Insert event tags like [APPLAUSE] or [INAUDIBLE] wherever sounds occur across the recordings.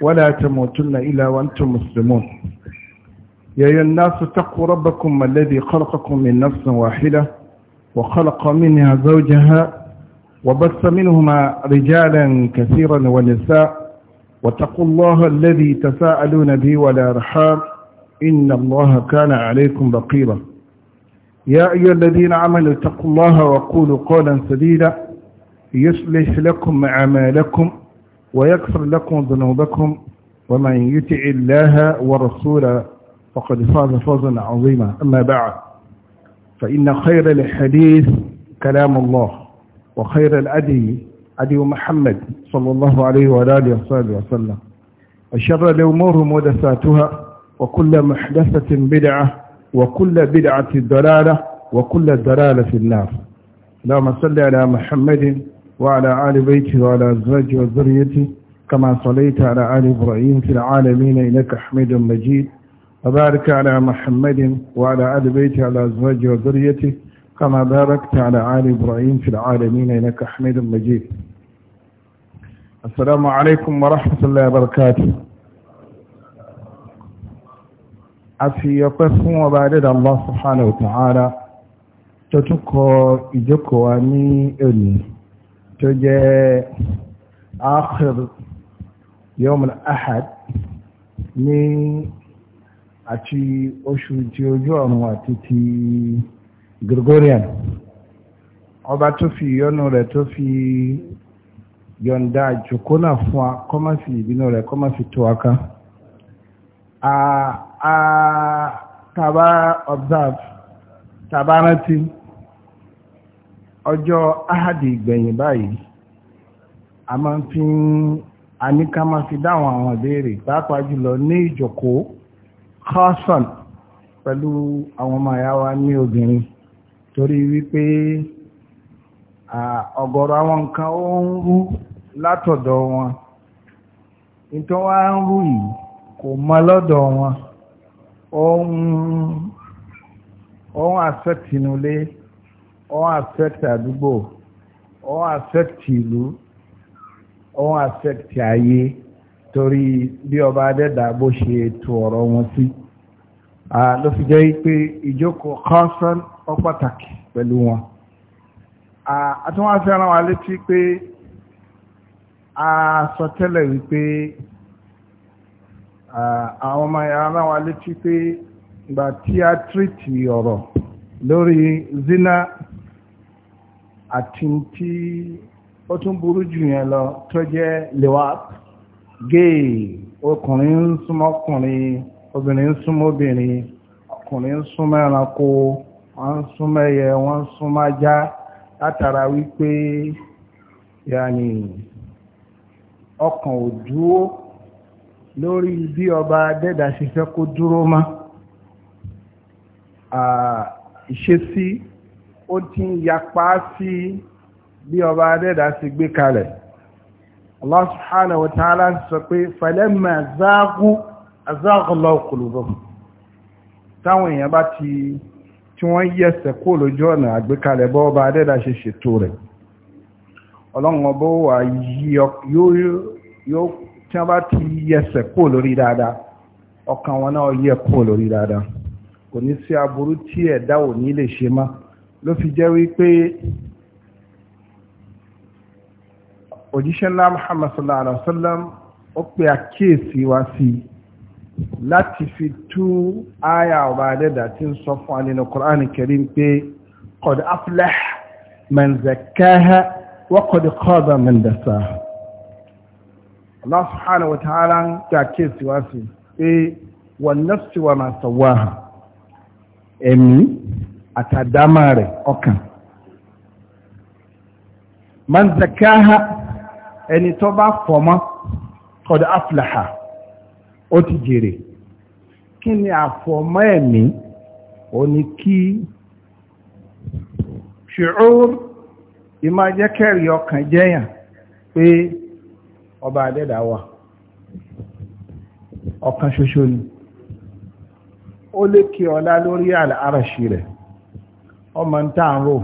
ولا تموتن إلا وأنتم مسلمون يا أيها الناس اتقوا ربكم الذي خلقكم من نفس واحدة وخلق منها زوجها وبث منهما رجالا كثيرا ونساء واتقوا الله الذي تساءلون به ولا رحام إن الله كان عليكم بقيرا يا أيها الذين عملوا اتقوا الله وقولوا قولا سديدا يصلح لكم أعمالكم ويغفر لكم ذنوبكم ومن يطع الله ورسوله فقد فاز فوزا عظيما أما بعد فإن خير الحديث كلام الله وخير الأدي أدي محمد صلى الله عليه وآله وصحبه وسلم وشر الأمور محدثاتها وكل محدثة بدعة وكل بدعة ضلالة وكل ضلالة في النار اللهم صل على محمد وعلى آل بيته وعلى أزواجه وذريته كما صليت على آل إبراهيم في العالمين إنك حميد مجيد وبارك على محمد وعلى آل بيته وعلى أزواجه وذريته كما باركت على آل إبراهيم في العالمين إنك حميد مجيد السلام عليكم ورحمة الله وبركاته أفي يقف وبارد الله سبحانه وتعالى تتكو إجكواني إلي tó آخر يوم الأحد al-ahad ní àti oṣù tí ojú ọ̀run توفي ti Gregorian ọba tó fi yọnu rẹ̀ tó fi yọ̀ǹda jòkónà fún a kọ́mọ̀sí ìbínú rẹ̀ kọ́mọ̀sí tó observe tàbá rántí ọjọ́ ahadi ìgbẹ̀yìn báyìí a máa ń fi àníká máa fi dáhùn àwọn ìbéèrè pàápàá jùlọ ní ìjòkó kọ́sàn pẹ̀lú àwọn ọmọ àyá wa ní obìnrin torí wípé ọ̀gọ̀rọ̀ àwọn nǹkan ó ń rú látọ̀dọ̀ wọn nítorí wọ́n ń rú yìí kò mọ lọ́dọ̀ wọn ó ń àfẹ́tìnulé wọ́n affect àdúgbò wọ́n affect ìlú wọ́n affect ayé torí bí ọba adẹ́dà bó ṣe ètò ọ̀rọ̀ wọn sí ló fi jẹ́ pé ìjókòó kọ́sán ọ pàtàkì pẹ̀lú wọn àtúnwá fẹ́ràn wa létí pé a sọ tẹ́lẹ̀ wípé àwọn ọmọ ìyára wa létí pé ìgbà tí a tírìtì ọ̀rọ̀ lórí zina àti tí ó tún burú jù yẹn lọ tó jẹ́ lewap gay ọkùnrin ń súnmọ́ ọkùnrin obìnrin ń súnmọ́ obìnrin ọkùnrin ń súnmọ́ ẹranko wọ́n ń súnmọ́ ẹyẹ wọ́n ń súnmọ́ ajá látara wípé yàní ọkàn ò dúró lórí bí ọba dẹ́dà ṣe fẹ́ kó dúró mọ́ ìṣesí ó ti ń yapa sí bí ọba adẹ́dà ti gbé kalẹ̀ Allah subhanahu wa ta'ala sọ pé falamma zágú azáàkọlọ́ kùlùbọ̀ táwọn èèyàn bá ti tí wọ́n yẹsẹ̀ kó lójú ọ̀nà àgbékalẹ̀ bọ́ ọba adẹ́dà ṣe ṣètò rẹ̀ ọlọ́run ọbọ̀ wà yóò tí wọ́n bá ti yẹsẹ̀ kó lórí dáadáa ọkàn wọn náà yẹ kó lórí dáadáa kò ní sí aburú tí ẹ̀dá ò ní lè ṣe máa ló fi jẹ́ wípé òjíṣẹ́ ńlá Muhammad sallallahu alaihi wa sallam ó pe àkíyèsí wá sí láti fi tú àyà ọba adẹ́dà tí ń sọ fún alẹ́ Al-Qur'an Karim pé qad aflaha man zakkaha wa qad khaba man dasaha Allah ń pe àkíyèsí wá sí pé wan nafsi wa ma sawaha ẹ̀mí àtàdámà rẹ̀ ọkàn manzakaha ẹni tó bá fọmọ́ kọ́dá aflaha ó ti jèrè kí ni àfọmọ́ ẹ̀mí ó ní kí ṣùúr ìmá jẹ́ kẹ́rì ọkàn jẹ́yàn pé ọba adẹ́dà wà ọkàn ṣoṣo ni ó lè kí ọlá lórí àlàáràṣì rẹ̀ ọmọ ń tà ń rò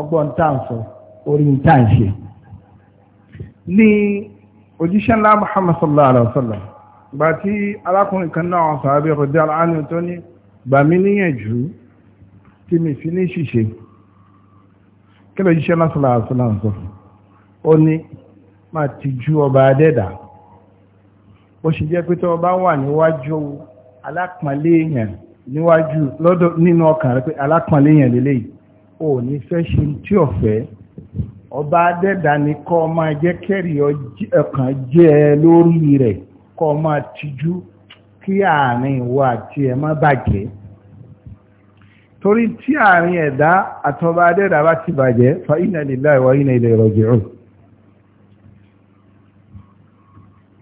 ọgbọ́n ń tà ń sọ orí ṣe. ní òjíṣẹ́ ńlá Muhammad sallallahu alaihi wa sallam gbà tí arákùnrin kan náà sọ abẹ́ rọ̀dẹ́ aláàánú tó ní gbà mí tí mi fi ní ṣìṣe kí ló jíṣẹ́ náà sallallahu alaihi wa sallam sọ ó ní máa ọba adẹ́dà bó ṣe jẹ́ pé níwájú lọ́dọ̀ nínú ọkàn rẹ pé alápọ̀nlé yẹn lélẹ́yìí ò ní fẹ́ ṣe tí ò fẹ́ ọba adẹ́dà ni kọ́ máa jẹ́ kẹ́rì ọkàn jẹ́ ẹ lórí rẹ̀ kọ́ máa tijú kí àárín ìwọ àti ẹ̀ má bàjẹ́ torí tí àárín ẹ̀dá àtọba adẹ́dà bá ti bàjẹ́ fa inna lillahi wa inna ilayhi raji'un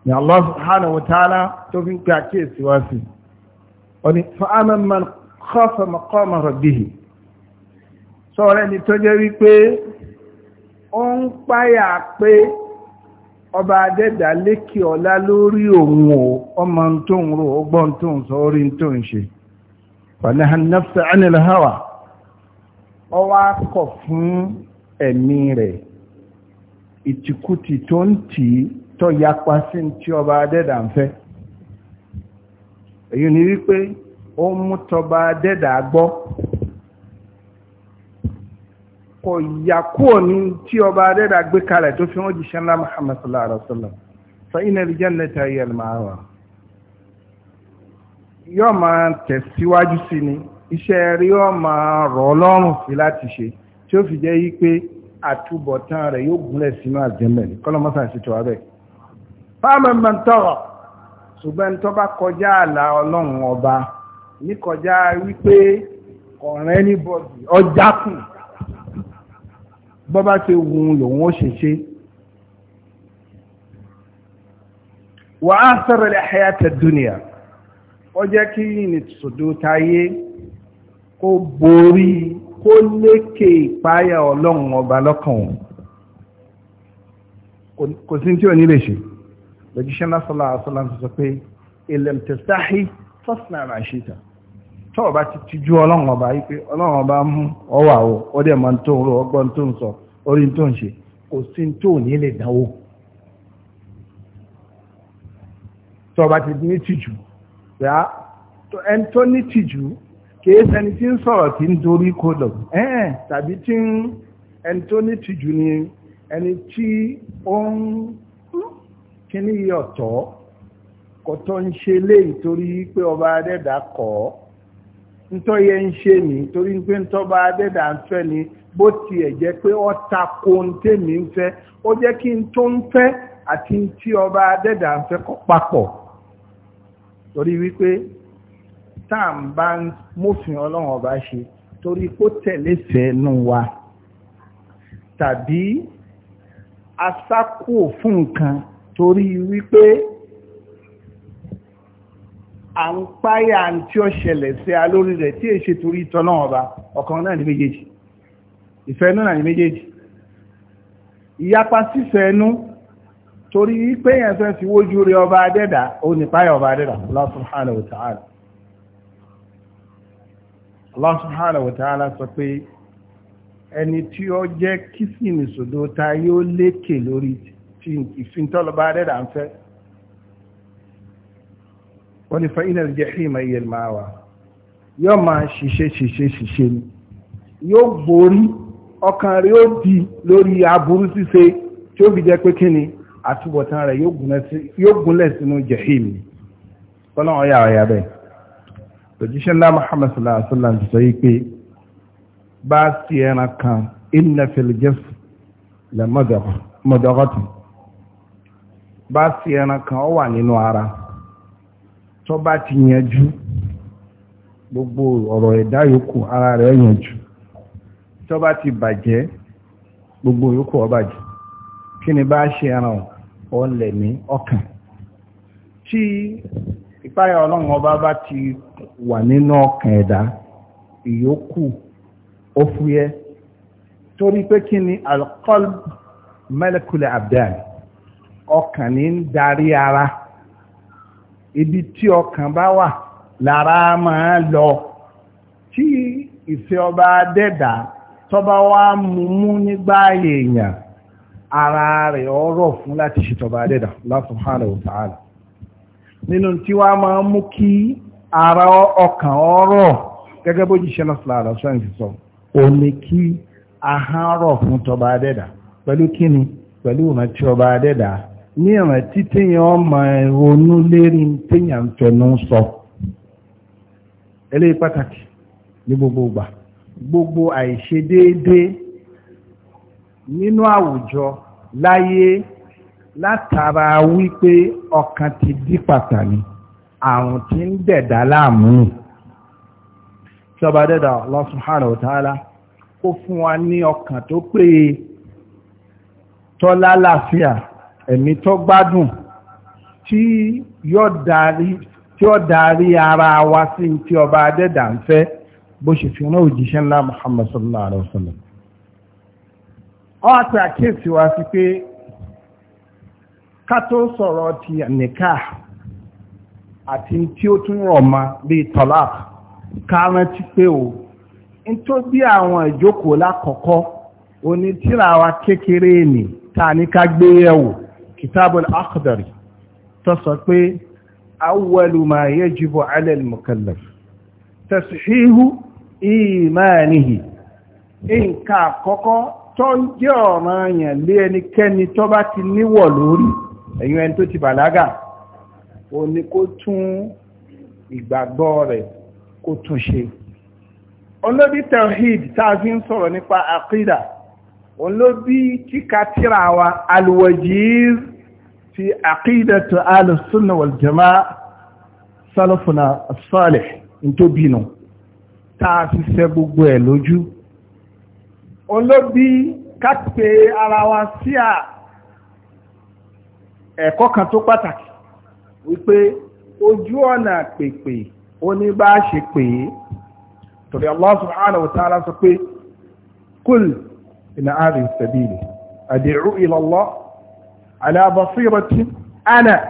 ni Allah subhanahu wa ta'ala tó fi ń pe àkíyèsí wá sí i ọ̀nì fa'ámà man khafa maqama rabbihi sọ̀rọ̀ ẹni tó jẹ́ wípé ó ń páyà pé ọba adẹ́dà lékè ọlá lórí òun o ọmọ tó ń ro ọgbọ́n tó ń sọ tó ń ṣe fanaha hawa tó ń tì tó yapa sí ti ọba adẹ́dà ń fẹ́ èyí ni wípé ó mú tọba dẹ́dà gbọ́ kò yàkúò ní tí ọba dẹ́dà gbé kalẹ̀ tó fi wọ́n jíṣẹ́ ńlá Muhammad sallallahu alaihi wasallam fa inna al-jannata hiya al-ma'wa yóò máa tẹ̀síwájú sí ni iṣẹ́ rí yóò máa rọ̀ lọ́rùn sí láti ṣe tí ó fi jẹ́ yí àtúbọ̀tán rẹ̀ yóò gúnlẹ̀ sínú àjẹ́mẹ̀ kọ́lọ́mọ́sà ṣètò abẹ́ fáwọn mẹ́ntọ́rọ̀ ṣùgbọ́n tó bá kọjá àlà ọlọ́run ọba ní kọjá wípé ọ̀ràn anybody ọjà kù bọ́bá ṣe wùn lòun ó ṣe ṣe wà á sọ̀rọ̀ lè hayata duniya ó jẹ́ kí ní ṣòdó táyé kó borí kó lékè ìpáyà ọlọ́run ọba lọ́kàn kò sí tí ò ní lè ṣe lójúṣẹ́ náà sọ́lá àṣọ́lá ti sọ pé ilẹ̀m tẹ̀sáhì fọ́sùnà àmà ṣíta tọ́wọ́ bá ti tijú ọlọ́run ọba yí pé ọlọ́run ọba mú ọwà o ó dẹ̀ máa ń tó ń rò ọgbọ́n tó ń sọ orí tó ń ṣe kò sí tó ní lè dánwò tọ́wọ́ bá ti ní tìjú yá ẹni tó ní tìjú kìí sẹni tí ń sọ̀rọ̀ tí ń dorí kodò ẹ̀ẹ́n tàbí tí ẹni tó ní tìjú ni ẹni tí ó ń kíní yìí ọ̀tọ̀ kò tó ń ṣe léyìí torí pé ọba adẹ́dà kọ̀ ọ́ ntọ́ yẹ ń ṣe ní torí pé ntọ́ba adẹ́dà ń fẹ́ ni bó tiẹ̀ jẹ́ pé ń tèmi ń fẹ́ ó jẹ́ kí n tó ń fẹ́ àti tí ọba adẹ́dà ń fẹ́ kọ́ papọ̀ torí wípé tá à ń wa tàbí asákò fún torí wípé à ń páyà tí ó ṣẹlẹ̀ sí a lórí rẹ̀ tí èṣe torí ìtọ́nà ọba ọ̀kan náà ní méjèèjì ìfẹ́ inú náà ní méjèèjì ìyapa sífẹ́ ẹnu torí wípé yẹn fẹ́ fi wójú rí ọba adẹ́dà ó ní páyà ọba adẹ́dà Allah subhanahu wa ta'ala Allah subhanahu wa ta'ala sọ pé ẹni tí ó jẹ́ kìsìmìsòdó ta yóò lékè lórí ti sí ìfintọ́lọ́ba rẹ̀dà ń fẹ́ wọ́n ní fa'ina al-jahima hiya al-ma'wa yóò máa ṣiṣẹ́ ṣiṣẹ́ ṣiṣẹ́ ni yóò gborí ọkàn rẹ̀ yóò di lórí aburú ṣíṣe tí ó fi jẹ́ pé kíni àtúbọ̀tán rẹ̀ yóò gúnlẹ̀ sínú jahim ni fọ́lọ́wọ́ yà ọ̀yà bẹ́ẹ̀ òjíṣẹ́ ńlá bá sí ẹran kan ọ wà ara tó bá ti yanjú gbogbo ọ̀rọ̀ ẹ̀dá yòókù ara rẹ̀ yanjú tó bá ti bàjẹ́ gbogbo yòókù ó bàjẹ́ kí ni bá ṣe ẹran ọ lẹ̀ ní ọkàn tí ìpáyà ọlọ́run ọba ti wà nínú ọkàn ẹ̀dá ìyókù ó fúyẹ́ torí pé kí ni ọkàn ní ń darí ara ibi tí ọkàn bá wà lára máa lọ tí ìfẹ́ ọba dẹ́dà tọba wá mú nígbà èèyàn ara rẹ̀ ọ̀rọ̀ fún láti ṣe tọba dẹ́dà Allah subhanahu wa ta'ala nínú tí wá máa mú kí ara ọkàn ọ̀rọ̀ gẹ́gẹ́ bó jíṣẹ́ lọ́sọ̀lára sọ́yìn sọ o ní kí ahán rọ̀ fún tọba dẹ́dà pẹ̀lú kíni pẹ̀lú ìrántí ọba dẹ́dà ní ìrántí téèyàn ọmọ ronú lérí téèyàn fẹnu sọ eléyìí pàtàkì ní gbogbo ìgbà gbogbo àìṣedéédé nínú àwùjọ láyé látara wípé ọkàn ti di pàtàkì àrùn tí ń dẹ̀dá láàmú nù ṣọba dẹ́dà Allah subhanahu wa kó fún wa ní ọkàn tó péye tọ́lá láàfíà ẹ̀mí tó gbádùn tí yóò darí ara wa sí tí ọba adẹ́dà ń fẹ́ bó ṣe fi rán òjíṣẹ́ ńlá Muhammad sallallahu alaihi wasallam ọ́n àti àkíyèsí wa sí pé ká tó sọ̀rọ̀ ti nìka àti tí ó tún rọ̀ ma bíi tọ́lák ká rántí pé o ń bí àwọn ìjókòó lákọ̀ọ́kọ́ onítìrà kékeré nì ta ní ká gbé yẹ̀wò kitabul akhdari tó sọ pé awwalu ma yajibu ala al-mukallaf tasihihu imanihi nǹkan àkọ́kọ́ tó ń jẹ́ ọ̀ranyàn lé ẹnikẹ́ni tó bá ti níwọ̀ lórí ẹ̀yin ẹni tó ti bàlágà ó ní kó tún ìgbàgbọ́ rẹ̀ kó tún ṣe olóbi tawhid táa fi ń sọ̀rọ̀ nípa àkídà olóbi kíkà wa alwajiz في عقيدة أهل السنة والجماعة سلفنا الصالح انتو بينو تعافي gbogbo ولوجو olóbi ká pe ara wa sí à ẹ̀kọ́ kan tó pàtàkì wípé ojú ọ̀nà pèpè ó ní pè é torí Allah subhanahu wa ta'ala sọ pé kúl inna hadhihi sabili ad'u ila Allah ala basirati ana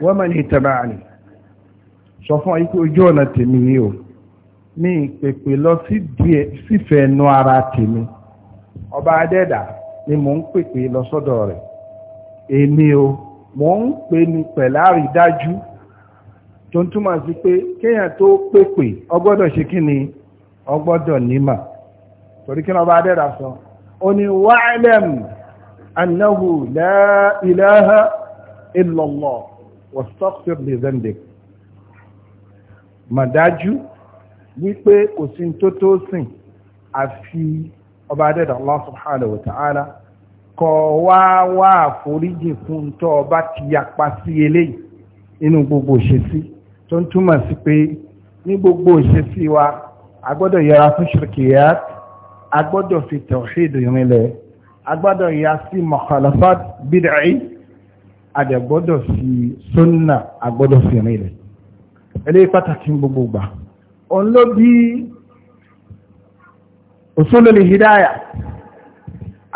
wa man ittaba'ani sọ fún ayíkú ojú ọ̀nà tèmi ni o ní ìpèpè lọ sí díẹ̀ sífẹ̀ẹ́ ẹnu ara tèmi ọba adẹ́dà ni mò ń pèpè lọ sọ́dọ̀ rẹ̀ èmi o mò ń pè ní pẹ̀láàrí dájú tó ń túmọ̀ sí pé kéèyàn tó pèpè ọgbọ́dọ̀ ṣe kí ni ọgbọ́dọ̀ nímà torí kí ni ọba adẹ́dà sọ ó ní wa'lam. أنه لا إله إلا الله واستغفر لذنبك mà dájú wípé kò sí tó tó sìn àfi ọba adẹ́dà Allah subhanahu wa ta'ala kọ wá wá àforíjì fún tó ọba ti yapa sí eléyìí nínú gbogbo òṣèṣí tó ń túmọ̀ sí pé ní gbogbo òṣèṣí wa a gbọ́dọ̀ yẹra fún shirkiyat a gbọ́dọ̀ fi tawhid rinlẹ̀ agbádọ̀ ya sí mọ̀kànlọ́fàt bídàí àdẹ̀gbọ́dọ̀ sí sunna agbọ́dọ̀ sí rìnlẹ̀ ẹlẹ́ pàtàkì gbogbo gbà òun ló bí usulul hidaya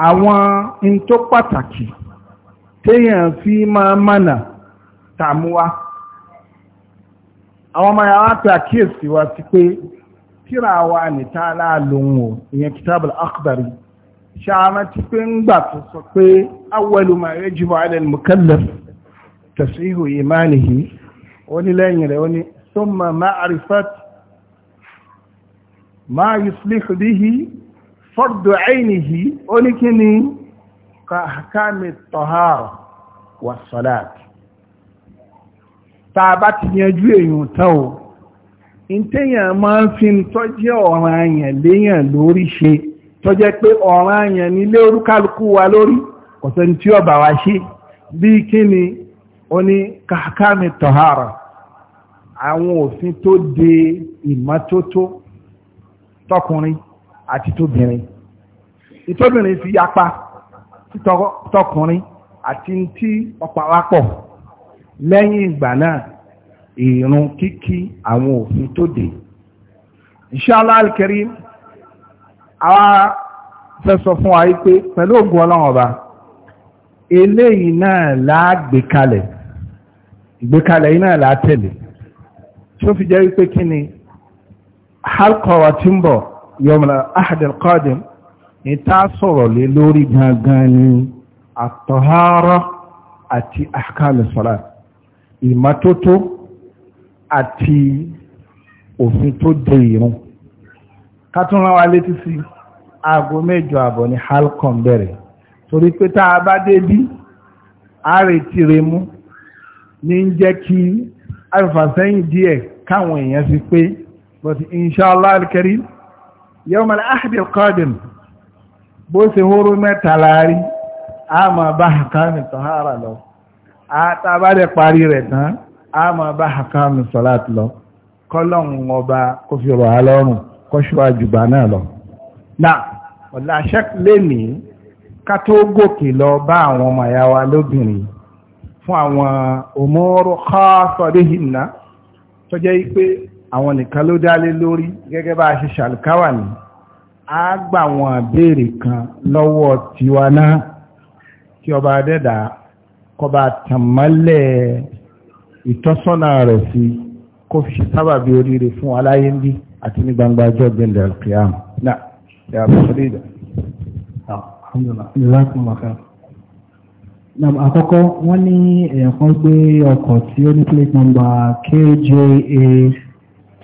àwọn in tó pàtàkì téèyàn fi máa mánà tàmúwá àwọn ọmọ yàrá pé àkíyèsí wa sí pé tíra wa nìta aláàlóhun ò ìyẹn kitabul akhdari ṣáàmà ti pé ń gbà tó sọ pé awwalu ma yajibu ala al-mukallaf tasihu imanihi onílẹ́yìn rẹ̀ oní thumma ma'rifat ma yuslihu bihi fardu aynihi oníkíní ka ahkami at-tahara wa salat tá a bá ti yanjú èèyàn tán o ìtẹ́yàn máa ń fi tọ́jú ọ̀ràn àyàn léyàn lórí ṣe tó jẹ́ pé ọ̀ràn àyàn nílé orúkálukú wa lórí kọ̀sẹ̀ni tí ó bà wá ṣe bí kí ni ó ní kàkàmì tọ̀hárà àwọn òfin tó de ìmọ́tótó tọkùnrin àti tóbìnrin ìtóbìnrin fi yapa tọkùnrin àti tí ọ̀pàwápọ̀ lẹ́yìn ìgbà náà ìrun kíkí àwọn òfin tó de inshallah al àwa fẹ́ sọ fún wa wípé pẹ̀lú ògùn ọlọ́run ọba eléyìí náà láàgbékalẹ̀ ìgbékalẹ̀ yìí náà látẹ̀lé tí ó fi jẹ́ wípé kí ni halqa wa tí ń bọ̀ yọmọ̀lá ahadil qadim ní tá sọ̀rọ̀ lé lórí gangan ni àtọ̀hárọ̀ àti ahkamis salat àti òfin tó de ìrun kátúnrán wa létí sí aago mẹ́jọ àbọ̀ ní halcom bẹ̀rẹ̀ torí pé tá a bá débí àrètí rẹ mú ní ń jẹ́ kí àfàsẹ́yìn díẹ̀ káwọn èèyàn sí pé but inshallah al-karim yawm al-ahad al-qadim bó ṣe hóró mẹ́ta láàrí a máa bá àkámi tọ́hárà lọ àtàbádẹ̀ parí rẹ̀ tán a máa bá àkámi sọ́láàtì lọ kọ́lọ̀ ọba kó fi rọ̀ á lọ́rùn kọ́ṣọ́ àjùgbà náà lọ. náà ọ̀la ṣẹ́kùlé mi ká tó gòkè lọ bá àwọn ọmọ ẹ̀yà wa lóbìnrin fún àwọn òmòrò kọ́sọ̀déhìnà tó jẹ́ pé àwọn nìkan ló dálé lórí gẹ́gẹ́ bá a ṣe ṣàlùkáwà ní a gbà wọn àbẹ́rẹ̀ kan lọ́wọ́ tiwa náà kí ọba adẹ́dà kọba tàmálẹ̀ ìtọ́sọ́nà rẹ̀ sí kó fi sábàbí oríire fún aláyé ń bí àti ní gbangba ọjọ́ gbẹ̀ndẹ̀ alkiyama náà ya bá sọ́dọ̀ ìdá. Nam àkọ́kọ́ wọ́n ní èèyàn kan gbé ọkọ̀ tí ó ní plate number KJA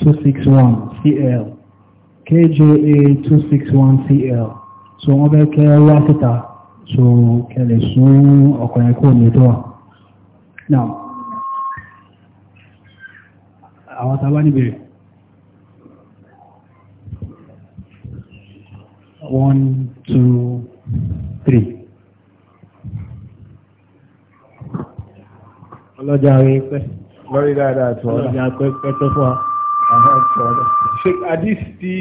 261 CL KJA 261 CL so wọ́n bẹ́ kẹ́ wá síta so kẹlẹ̀ sún ọkọ̀ yẹn kúrò ní ètò wà. Now, àwọn tàbá níbèrè. One, two, three. Ọlọ́jà rí pẹ́. Lọ́rí dáadáa tó ọ̀dá. Ọlọ́jà pẹ́ tó fún wa. Àwọn tó ọ̀dá. Sheikh Adis ti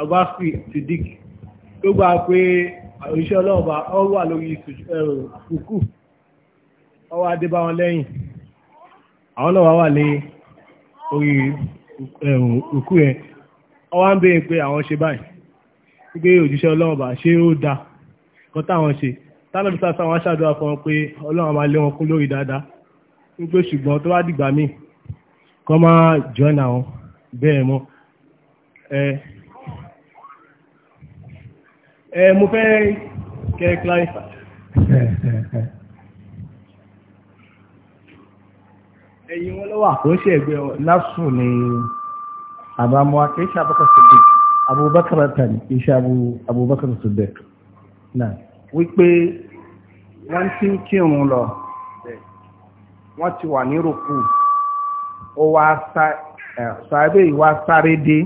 Agbafi ti Dik tó gbà pé iṣẹ́ ọlọ́ọ̀bá ọ wà lórí ìsùkú. Ọ wá dé bá wọn lẹ́yìn. Àwọn ọlọ́wà wà lé orí òkú yẹn wọ́n wá ń béèrè pé àwọn ṣe báyìí pé òjíṣẹ́ ọlọ́run bá ṣe ó dáa kan táwọn ṣe tánàbí sáfà wọn ṣàdúrà fún wọn pé ọlọ́run máa lé wọn kún lórí dáadáa wípé ṣùgbọ́n tó bá dìgbà míì kọ́ máa join àwọn bẹ́ẹ̀ mọ́ ẹ ẹ mo fẹ́ kẹ́ clarify. ẹ̀yin wọn lọ́wọ́ àkóńṣe ẹgbẹ́ lásùn ni abamuwa ke shi abubakar siddiq abubakar tani ke shi abubakar siddiq náà wípé wọ́n ti ń kírun lọ wọ́n ti wà ní rúkú ó wá sábẹ́ ìwá sáré dé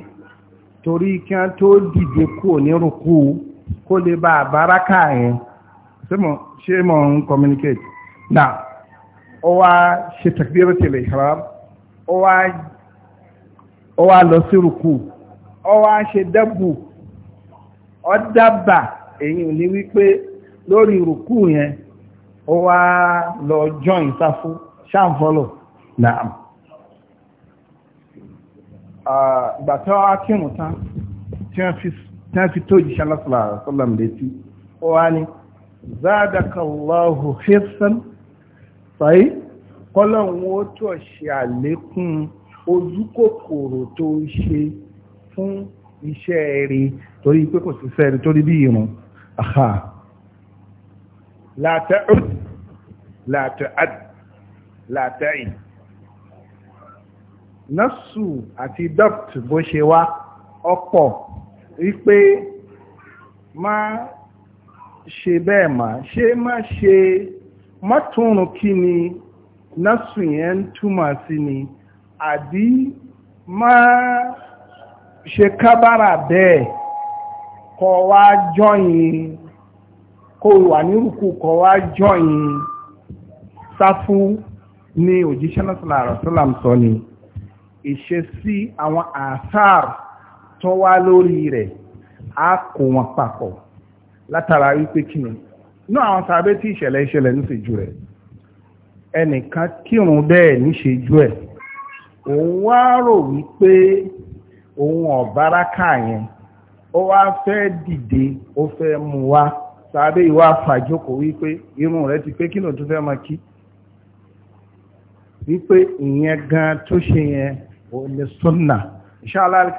torí kí wọ́n tó dìde kúrò ní rúkú kó lè bá àbáráká yẹn ṣé mo ń communicate na ó wá ṣe takbiratul ihram ó wá ó wá lọ sí rùkú ó wá ṣe dẹ́bù ó dábà èyí ní wípé yẹn ó lọ join sáfú ṣáàfọ́lọ̀ naam na tí á kírun tán tí wọ́n fi tó jíṣẹ́ lọ́sọ̀lá létí ó wá ní záàdàkàláhù hẹ́sán sàí kọ́lọ̀wọ́n ojú kòkòrò tó ń ṣe fún iṣẹ́ rẹ̀ torí pé kò sí sẹ́rẹ̀ torí bí ìrùn àhà látẹ́ì nọ́sù àti dọ́pt bó ṣe wá ọ̀pọ̀ wípé má ṣe bẹ́ẹ̀ má ṣe má ṣe mọ́túnrún kí ni nọ́sù yẹn túmọ̀ sí ni àbí máa ṣe kábàrà bẹ́ẹ̀ kọ wá jọyìn kó wà nírùkú kọ wá jọyìn sáfú ní òjíṣẹ́ lọ́sọ̀lá àrọ̀sọ́làm sọ ni ìṣe sí àwọn àṣàr tó wá lórí rẹ̀ á kó wọn papọ̀ látara wípé kíni náà àwọn sàbẹ́ tí ìṣẹ̀lẹ̀ ìṣẹ̀lẹ̀ ń ṣe jù rẹ̀ ẹnìkan kírun bẹ́ẹ̀ níṣe jù ẹ̀ òun wá rò wípé òun ọ̀báraka yẹn ó wá fẹ́ dìde ó fẹ́ mú wá sàbẹ̀ ìwà fàjókò wípé irun rẹ̀ ti pé kí ló tún fẹ́ máa kí wípé ìyẹn gan tó ṣe yẹn ò ní súnà inshallah al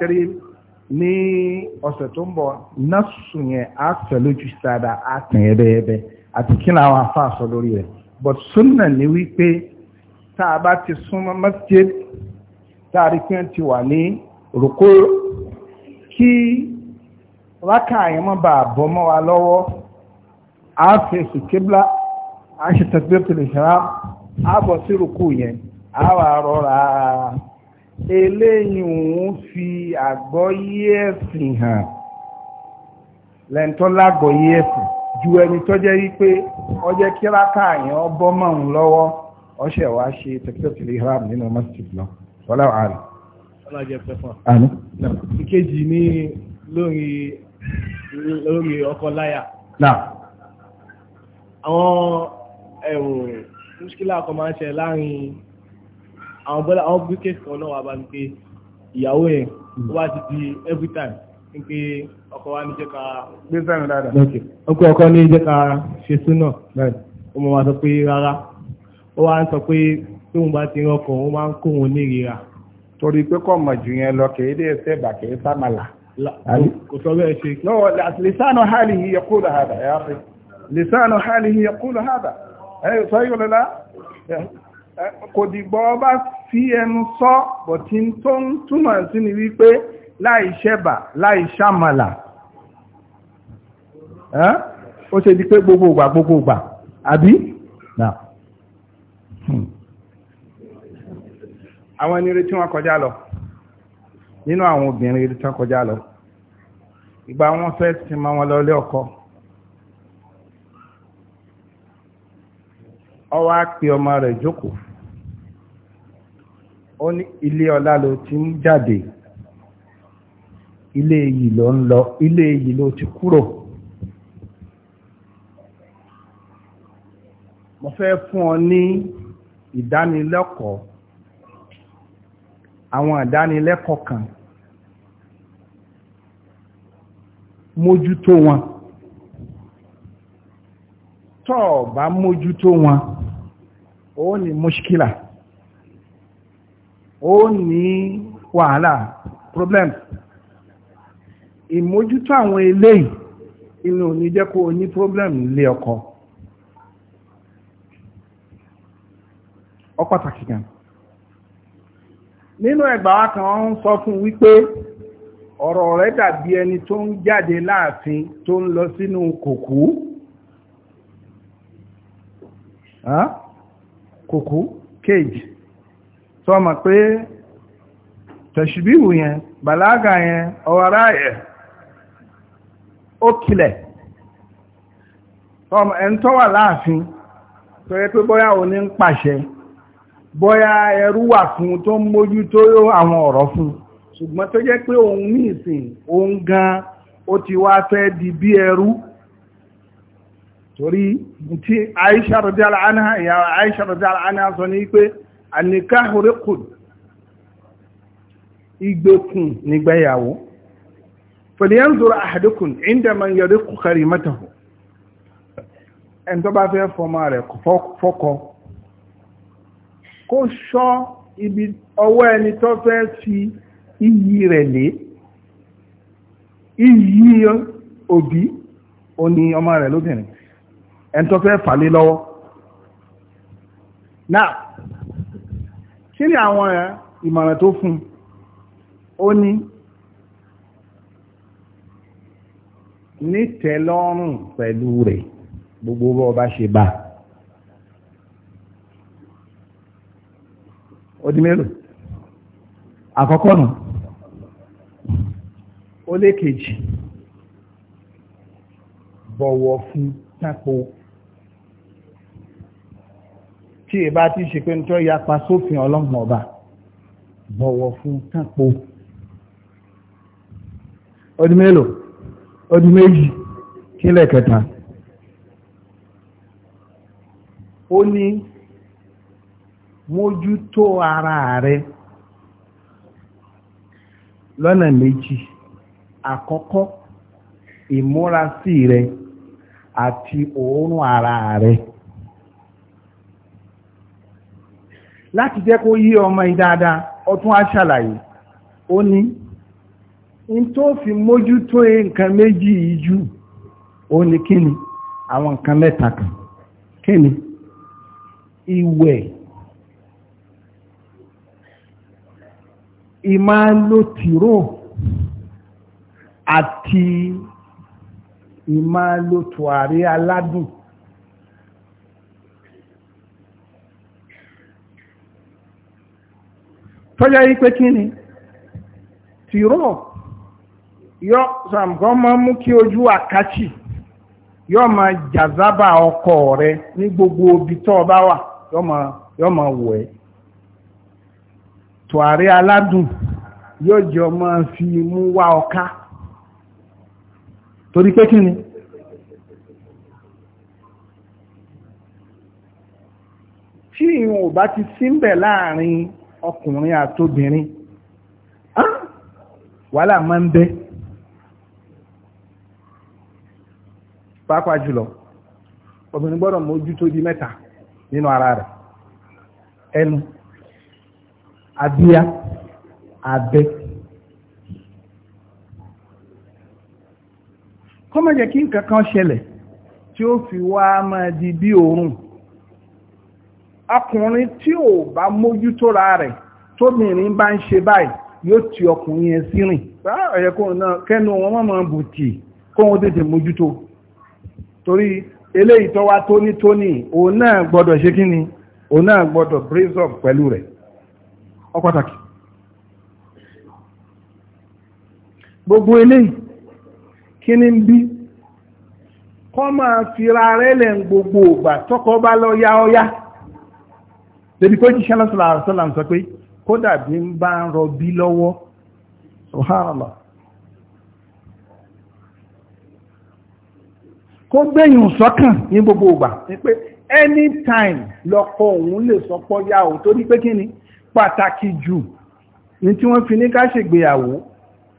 ní ọ̀sẹ̀ tó ń bọ̀ násù yẹn á sẹ̀lójú sáadà á tàn ẹ́ bẹ́ẹ̀bẹ́ àti kí ni àwọn afáàsọ lórí rẹ̀ but súnà ni wípé tá a bá ti súnmọ́ masjid táàrí pé ti wà ní rúkó kí rákà àyàn bá bọ́ wa lọ́wọ́ a fèsì kébílá a ń ṣe tó a bọ̀ yẹn a wà rọra eléyìí òun fi àgbọ́yé ẹ̀sìn hàn lẹ́ntọ́ lágbọ́yé ẹ̀sìn ju ẹni tó jẹ́ wípé ọjẹ́ bọ́ mọ́ òun lọ́wọ́ ṣe nínú náà wọ́lá ààrẹ. ọlọ́jẹ́ pẹ́ fún ọ. ìkejì ní lórí ọkọ láyà. àwọn ẹ̀rù múṣkílà kan máa ń ṣe láàrin àwọn bọ́lá àwọn bíkẹ́ kan náà wà bá ní pé ìyàwó ẹ̀ hmm. wá ti di every time ní pé ọkọ wa ní jẹ́ ká. gbé sẹ́nu dáadáa. ọkọ ọkọ ní jẹ́ ká ṣe sínú. ó mọ̀ sọ pé rárá ó wá ń sọ pé tí ń bá ti rọkọ̀ wọn máa ń kó wọn ní torí pé kọ́ mọ̀ jù yẹn lọ kìí dé ẹsẹ̀ bà kìí sàmàlà. kò sọ bẹ́ẹ̀ ṣe. lọ́wọ́ lisanu halihi yaqulu hada ya akhi lisanu halihi yaqulu hada ẹ̀ sọ lọ́la kò dìgbọ́ bá fi ẹnu sọ tó ń túmọ̀ sí ni wípé láì láì ó ṣe di pé gbogbo ìgbà gbogbo ìgbà àbí? àwọn ẹni retí wọn kọjá lọ nínú àwọn obìnrin retí wọn kọjá lọ ìgbà wọn fẹ́ ti ma wọn lọlé ọkọ ọwọ́ á pe ọmọ rẹ̀ jókòó ó ní ilé ọlá ló ti ń jáde ilé èyí ló ń lọ ilé èyí ló ti kúrò mo fẹ́ fún ọ ní ìdánilẹ́kọ̀ọ́ àwọn àdánilẹ́kọ̀ọ́ kan mójútó wọn tọ́ ọ bá mójútó wọn ó ní mushkila ó ní wàhálà problem ìmójútó àwọn eléyìí inú ò ní jẹ́ problem lé ọkọ ọ pàtàkì gan-an nínú ẹ̀gbà wa kan wọ́n ń sọ fún wípé ọ̀rọ̀ rẹ̀ dàbí ẹni tó ń jáde láàfin tó ń lọ sínú kòkú kòkú cage tó mọ̀ pé tẹ̀ṣùbíwù yẹn bàlágà yẹn ọ̀wárá yẹn ó kilẹ̀ ẹni tó wà láàfin tó yẹ pé bóyá òní ń pàṣẹ bóyá ẹrú wà fún tó ń mójútó àwọn ọ̀rọ̀ fún ṣùgbọ́n tó jẹ́ pé òun ní ìsìn òun gan ó ti wá fẹ́ di bí ẹrú torí tí Aisha radiyallahu al'ana ìyá Aisha radiyallahu anha sọ ní pé an-nikahu riqun ìgbèkùn nígbéyàwó falyanzur ahadukum inda man yariqu karimatahu ẹni tó bá fẹ́ fọmọ rẹ̀ fọ́kọ kó ṣọ́ ibi ọwọ́ ẹni tó fẹ́ fi iyì rẹ̀ lé iyì òbí ó ní ọmọ rẹ̀ lóbìnrin ẹni tó fẹ́ fà lé lọ́wọ́ náà kí ni àwọn ìmọ̀ràn tó fún ó ní nítẹ́lọ́rùn pẹ̀lú rẹ̀ gbogbo bọ́ ṣe bá odi mélòó àkọ́kọ́ nù ó lé kejì bọ̀wọ̀ fún tápò tí ìbá ti ṣe pé nítorí yapa sófin ọlọ́run ọba bọ̀wọ̀ fún tápò odi mélòó odi méjì kílẹ̀ kẹta ó ní. mójútó ara rẹ lọ́nà méjì àkọ́kọ́ ìmúrasí rẹ àti òórùn ara rẹ láti jẹ́ kó yí ọmọ yìí dáadáa ọtún á ṣàlàyé ó ní n tó fi mójútó nǹkan méjì yìí jù ó ní kíni àwọn nǹkan mẹ́ta kan kíni ìwẹ̀ ìmá ló tìró àti ìmá ló tùwàrí aládùn tọ́jọ́ yí pé kí ni tìró yọ sàmkọ́ máa mú kí ojú àkáṣì yọ ma jàzábà ọkọ rẹ ní gbogbo ibi tó bá wà yọ ma wọ̀ ẹ́ tùwárí aládùn yóò jọ máa fi mú wá ọká torí pé kí ni tí ìwọ̀n ò bá ti símbẹ̀ láàrin ọkùnrin àtobìnrin wàhálà máa ń bẹ pàápàá jùlọ obìnrin gbọ́dọ̀ mójútó di mẹ́ta nínú ara rẹ̀ ẹnu Abia, abẹ́. kọ́mọ̀ jẹ́ kí nǹkan kan ṣẹlẹ̀ tí ó fi wá máa di bí òórùn ọkùnrin tí ò bá mójútóra rẹ̀ tóbìnrin bá ń ṣe báyìí yóò ti ọkùnrin yẹn sí rìn ọ̀yẹ̀kùnrin náà kẹ́nu wọn mọ̀ mọ̀ bùtì kó wọn tètè mójútó torí eléyìí tó wá tónítóní òun náà gbọ́dọ̀ ṣe kí ni òun náà gbọ́dọ̀ brace up pẹ̀lú rẹ̀ ọpàtàkì gbogbo eléyìí kí ni ń bí kọ́ máa fira rẹ̀ lẹ̀ ń gbogbo ògbà tọ́kọ bá lọ yá ọyá débi pé jíṣẹ́ lọ́sọ̀lá àrùsọ́là ń sọ pé kódà bí ń bá ń rọbí lọ́wọ́ subhanallah kó gbẹ̀yìn sọ́kàn ní gbogbo ògbà ni pé anytime lọ́kọ òun lè sọpọ́ yá òun torí pé kí ni pàtàkì jù ní tí wọ́n fi ní ká ṣègbéyàwó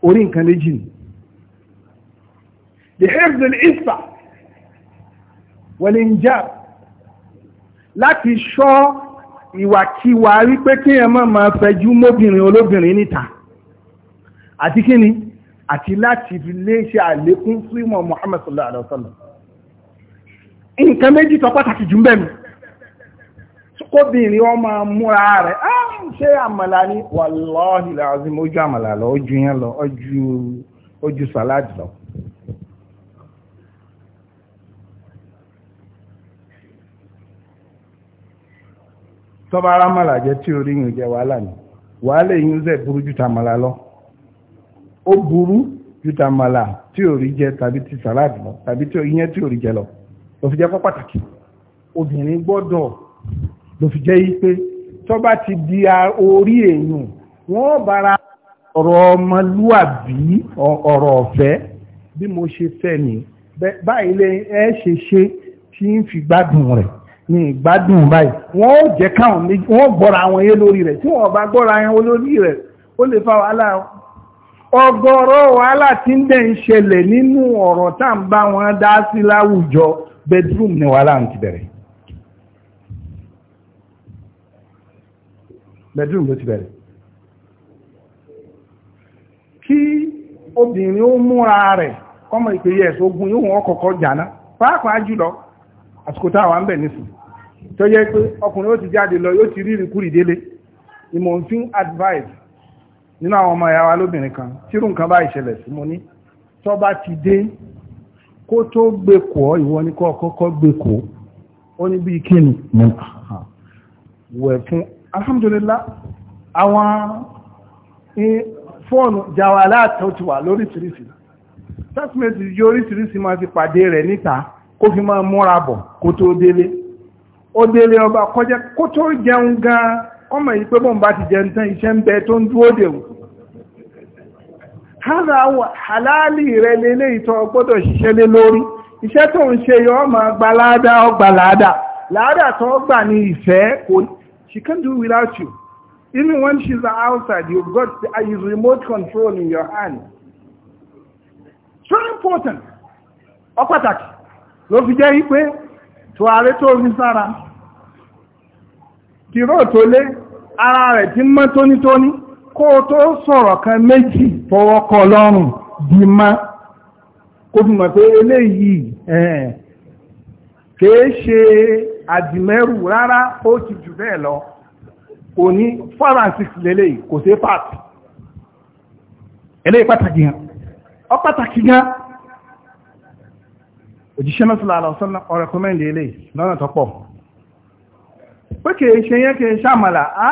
orí nǹkan méjì ni the hifz al-ifa wal-injab láti ṣọ́ ìwàkiwà wípé kí ẹ má máa fẹjú mọ́bìnrin olóbìnrin níta àti kí ni àti láti fi lè ṣe àlékún fíìmọ̀ Muhammad sallallahu alaihi wasallam nǹkan méjì tó pàtàkì jù ń bẹ̀rù kóbìnrin ó múra rẹ̀ á ah! ṣé àmàlà ni wàláhì làásì ojú àmàlà lọ ojú yẹn lọ ojú ojú sàláàdì lọ. tọ́ba ara màlà jẹ́ tí orí yìí jẹ́ wàhálà ni wàhálà yìí ń zẹ̀ burú ju tàmàlà lọ ó burú ju tàmàlà tí orí jẹ tàbí ti sàláàdì lọ tàbí tí ìyẹn tí orí jẹ lọ lọ fi jẹ́ kọ́ obìnrin gbọ́dọ̀ lọ fi jẹ́ yí pé tó bá ti di orí èèyàn wọ́n bára ọ̀rọ̀ ọmọlúàbí ọ̀rọ̀ ọ̀fẹ́ bí mo ṣe fẹ́ ni báyìí lè ẹ ṣe ṣe tí ń fi gbádùn rẹ̀ ní ìgbádùn báyìí wọ́n ó jẹ́ káwọn méjì wọ́n gbọ́ra àwọn yé lórí rẹ̀ tí wọ́n bá gbọ́ra àwọn lórí rẹ̀ ó lè fa wàhálà ọ̀gọ̀rọ̀ wàhálà tí ń dẹ̀ ń ṣẹlẹ̀ nínú ọ̀rọ̀ tá à ń bá wọn dá sí láwùjọ bedroom ni wàhálà ń ti bẹ̀rẹ̀ bedroom ló ti bẹ̀rẹ̀ kí obìnrin ó múra rẹ̀ kọ́mọ ìpè ẹ̀sọ́ ogun yóò wọ́n kọ̀kọ́ jàná pàápàá jùlọ àsìkò táwa ń bẹ̀ nísìn tó yẹ pé ọkùnrin ó ti jáde lọ yóò ti rí ìrìkúrì délé ìmọ̀ọ́fín advice nínú àwọn ọmọ lóbìnrin kan tírù nǹkan bá ìṣẹ̀lẹ̀ sí mo ní tó bá ti dé kó tó gbé kọ́ ìwọ ni kó kọ́kọ́ gbé kọ́ ó ní bí kíni wẹ̀ fún alhamdulillah àwọn eh, fóònù jawalat tó ti wà lóríṣiríṣi sátìmẹ́tì yóríṣiríṣi máa ti pàdé rẹ̀ níta kó fi máa múra bọ̀ kó tó délé ó délé ọba kọjá kó tó jẹun gan kọ́mọ̀ yìí pé bọ́n bá ti jẹun tán iṣẹ́ ń bẹ tó ń dúró dèwò hálà hàlálì rẹ̀ lélẹ́ ìtọ́ gbọ́dọ̀ ṣiṣẹ́ lé lórí iṣẹ́ tó ń ṣe yọ ọmọ gbalada ọgbàlada láàdà tó gbà ní ìfẹ́ She can't do without you. Even when she's outside, you've got the uh, remote control in your hand. So important. Ọpàtàkì ló fi jẹ́ wípé tó ààrẹ tó rí sára. Tìró tó lé ara rẹ̀ ti mọ́ tónítóní kó o tó sọ̀rọ̀ kan méjì fọwọ́ kọ lọ́rùn bí má. Kó fi mọ̀ pé eléyìí kèé ṣe àdìmẹ́rù rárá ó ti jù bẹ́ẹ̀ lọ kò ní 4 and 6 lélẹ̀ kò sí part eléyìí pàtàkì gan ọ pàtàkì gan òjíṣẹ́ náà sọ́lá àlọ́ sọ́nà ọ rẹ̀kọ́mẹ́ndì eléyìí lọ́nà tó pọ̀ pé kìí ṣe yẹn kìí ṣàmàlà á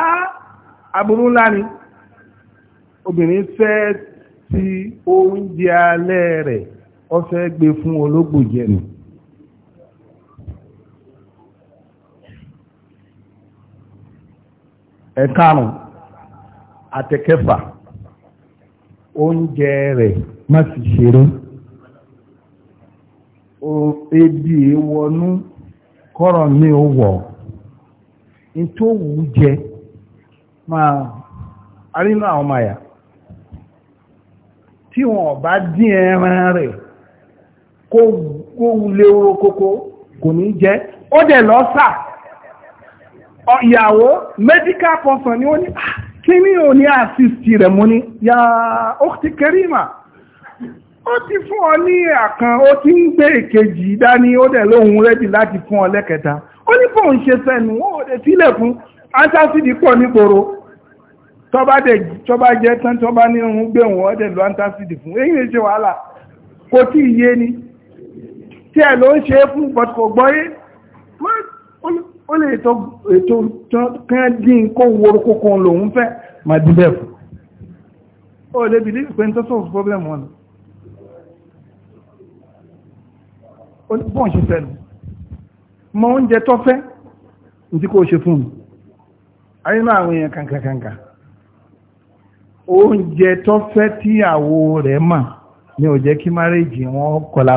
aburú ńlá ni obìnrin fẹ́ ti oúnjẹ alẹ́ rẹ̀ ọ fẹ́ gbé fún ológbò jẹ nù ẹ̀karùn àtẹ̀kẹfà oúnjẹ rẹ̀ má sì ṣeré o ebi wọnú kọ́rọ̀ mi ò wọ̀ nítòwú jẹ máa arínú àwọn ọmọ àyà tí wọn bá dín ẹran rẹ̀ kó wulé orokoko kò ní jẹ ó dẹ̀ lọ́sà. ìyàwó medical person ni ó ní kí ní ò ní assist rẹ̀ mú ní ya ukhti kerima ó ti fún ọ ní àkàn ó ti ń gbé ìkejì dání ó dẹ̀ lóhun rẹ́dì láti fún ọ lẹ́kẹta ó ní fóun ṣe sẹ́nu ó dẹ̀ sílẹ̀ fún antacidi pọ̀ nígboro tọ́ba dẹ̀ tọ́ba jẹ́ tán tọ́ba ní ohun gbé wọn ọdẹ lọ antacidi fún èyí lè ṣe wàhálà kò tí ì yé ni tí ẹ̀ ló ń ṣe fún but kò gbọ́yé ó lè tó ètò kan dín kó wọ́rọ̀ kókó lòun fẹ́ máa dín bẹ́ẹ̀ fún ó lè bìlí pé ń tó sọ̀rọ̀ problem wọn bọ́n ṣe fẹ́nu mọ oúnjẹ tó fẹ́ ní tí kò ṣe fún mi ayé máa àwọn èèyàn kankankankan oúnjẹ tó fẹ́ tíyàwó rẹ̀ mà ni ò jẹ́ kí márèèjì wọn kọlá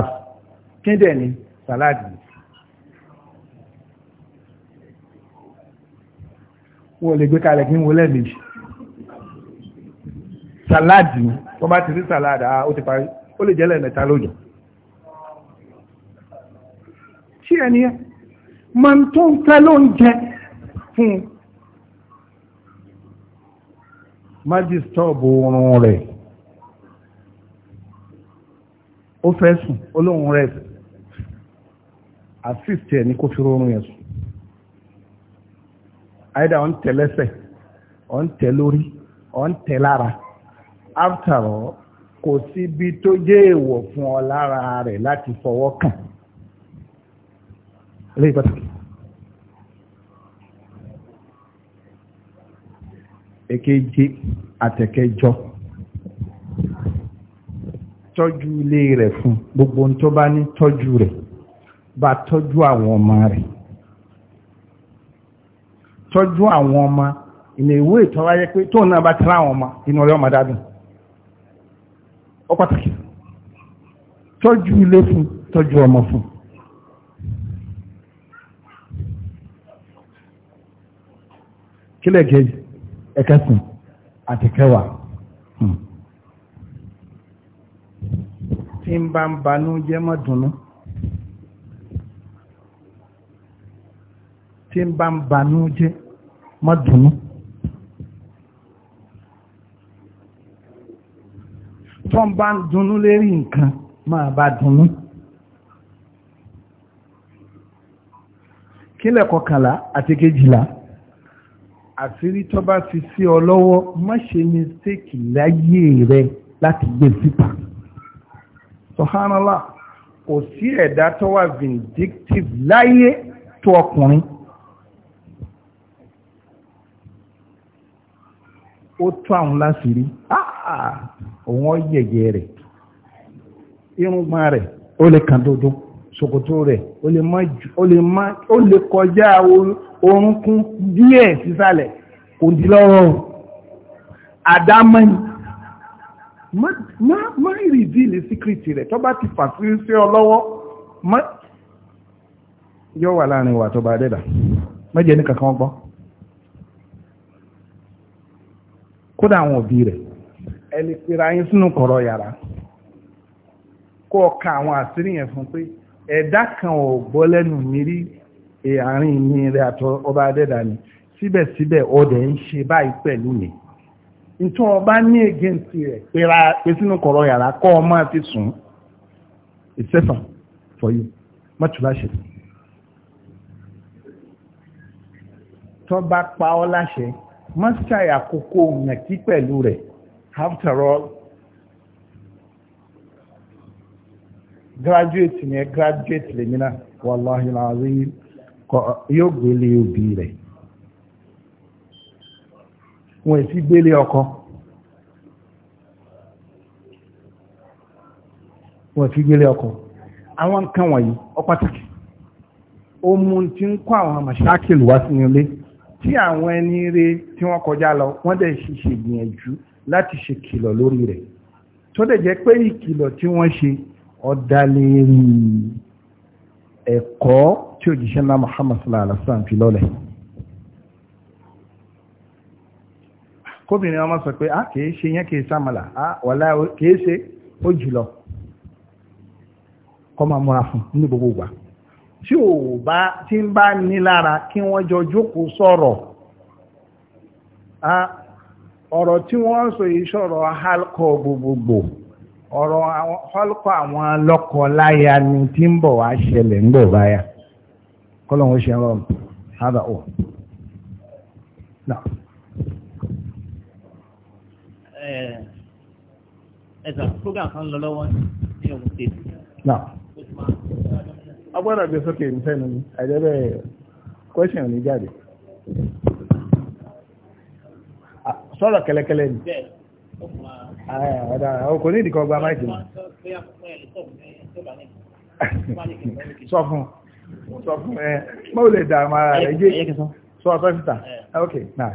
kí dẹ̀ ni sàláàdì wọn lè gbé kalẹ̀ kí n wọlé méjì sàláàdì ni wọ́n bá ti rí sàláàdì ah ó ti parí ó lè jẹ́lẹ̀ mẹ́ta lójọ́ tí ẹni ẹ máa ń tó ń fẹ́ ló ń jẹ fún un oorun rẹ̀ ó fẹ́ sùn olóhùn rẹ̀ àfíìsì ẹ̀ ní kó fi rọrùn yẹn sùn àìdá on telese, on lẹ́sẹ̀ on telara. tẹ̀ lórí ọ̀ ń tẹ̀ lára after all kò síbi tó jẹ́ èèwọ̀ fún ọ lára rẹ̀ láti fọwọ́ kàn lẹ́yìn pàtàkì. èkeje àtẹ̀kẹjọ tọ́jú ilé rẹ̀ fún gbogbo ohun tó bá ní tọ́jú rẹ̀ bá tọ́jú àwọn ọmọ rẹ̀ tọ́jú àwọn ọmọ ìnà ìwé ìtọ́wáyé pé tóun náà bá tẹ́lá àwọn ọmọ inú ọlẹ́ ọmọ dádùn ó pàtàkì tọ́jú ilé fún tọ́jú ọmọ fún kílẹ̀ kejì ẹ̀kẹsìn àti kẹwàá hmm. tí ń bá ń banú jẹ́ mọ́ tí ń bá ń banú jẹ́ má dùnú. tó ń bá ń dunnú lérí nǹkan máa bá dunnú. kílẹ̀ kọkànlá àti kejìlá àṣírí tó bá fi sí ọ lọ́wọ́ má ṣe mistake láyé rẹ láti gbé síta. subhanallah kò sí ẹ̀dá tó wà vindictive láyé tó ọkùnrin. ó tú àwọn láṣìírí ah, ah, òun ó yẹ̀yẹ̀ rẹ̀ irùngbọ̀n rẹ̀ ó lè kàn dodo ṣòkòtò rẹ̀ ó lè kọjá orúnkún díẹ̀ sísàlẹ̀ kò dí lọ́rọ̀ àdámẹ́ni má ìrìdíìlì síkírìtì rẹ̀ tó bá ti fàfírí sí ọ lọ́wọ́ yóò wà láàrin wà tó bá dẹ́dà mẹ́jẹ ní kankan gbọ́n kódà àwọn òbí rẹ̀ ẹ lè pera yín sínú kọ̀rọ̀ yàrá kó o ka àwọn àṣírí yẹn fún pé ẹ̀dá kan ò gbọ́ lẹ́nu mi rí àárín mi rẹ̀ àtọ ọba adẹ́dà ni síbẹ̀síbẹ̀ ọdẹ̀ ń ṣe báyìí pẹ̀lú mi nítorí ọba ní ègéǹtì rẹ̀ pera pé sínú kọ̀rọ̀ yàrá kọ́ ọ máa fi sùn it's safer for you mọ́túláṣẹ. tọ́ba pa ọ́ láṣẹ má ṣàì àkókò nàkí pẹ̀lú after all graduate nye graduate lèmi náà wàláhi làwọn yóò gbélé òbí rẹ̀ wọn èsì gbélé ọkọ. wọ́n fi gbélé ọkọ̀ àwọn nǹkan wọ̀nyí nkwa pàtàkì ó mú ń tí àwọn ẹni rẹ tí wọ́n kọjá lọ wọ́n dẹ̀ ṣiṣẹ́ ìgbìyànjú láti ṣe kìlọ̀ lórí rẹ̀ tó dẹ̀ jẹ́ pé ìkìlọ̀ tí wọ́n ṣe ọ̀dàlérí ẹ̀kọ́ tí òjìṣẹ́ ńlá Muhammad sallallahu alaihi fi sọ pé a ah, kìí ṣe yẹn kìí sàmàlà a ah, wàlá kìí ṣe ó jùlọ kọ́ máa múra fún ní gbogbo tí ò bá tí ń bá ní lára kí wọ́n jọ jókòó sọ̀rọ̀ ọ̀rọ̀ tí wọ́n sọ yìí halkọ gbogbogbò ọ̀rọ̀ halkọ àwọn lọ́kọ láya ni tí ń bọ̀ wá ṣẹlẹ̀ ń bọ̀ báyà kọ́lọ̀wọ́n ṣe program kan lọ lọ́wọ́ ní ọgbọ́dọ̀ gbé sókè ìfẹ́nu ni àìjẹ́bẹ̀ question ní jáde ah, sọ̀rọ̀ kẹ́lẹ́kẹ́lẹ́ ni ọkọ̀ ah, ní ìdíkọ̀ gba máìkì ni sọ fún sọ fún ẹ mọ́ lè dà mara rẹ̀ jẹ́ sọ ọ̀tọ́ síta ok náà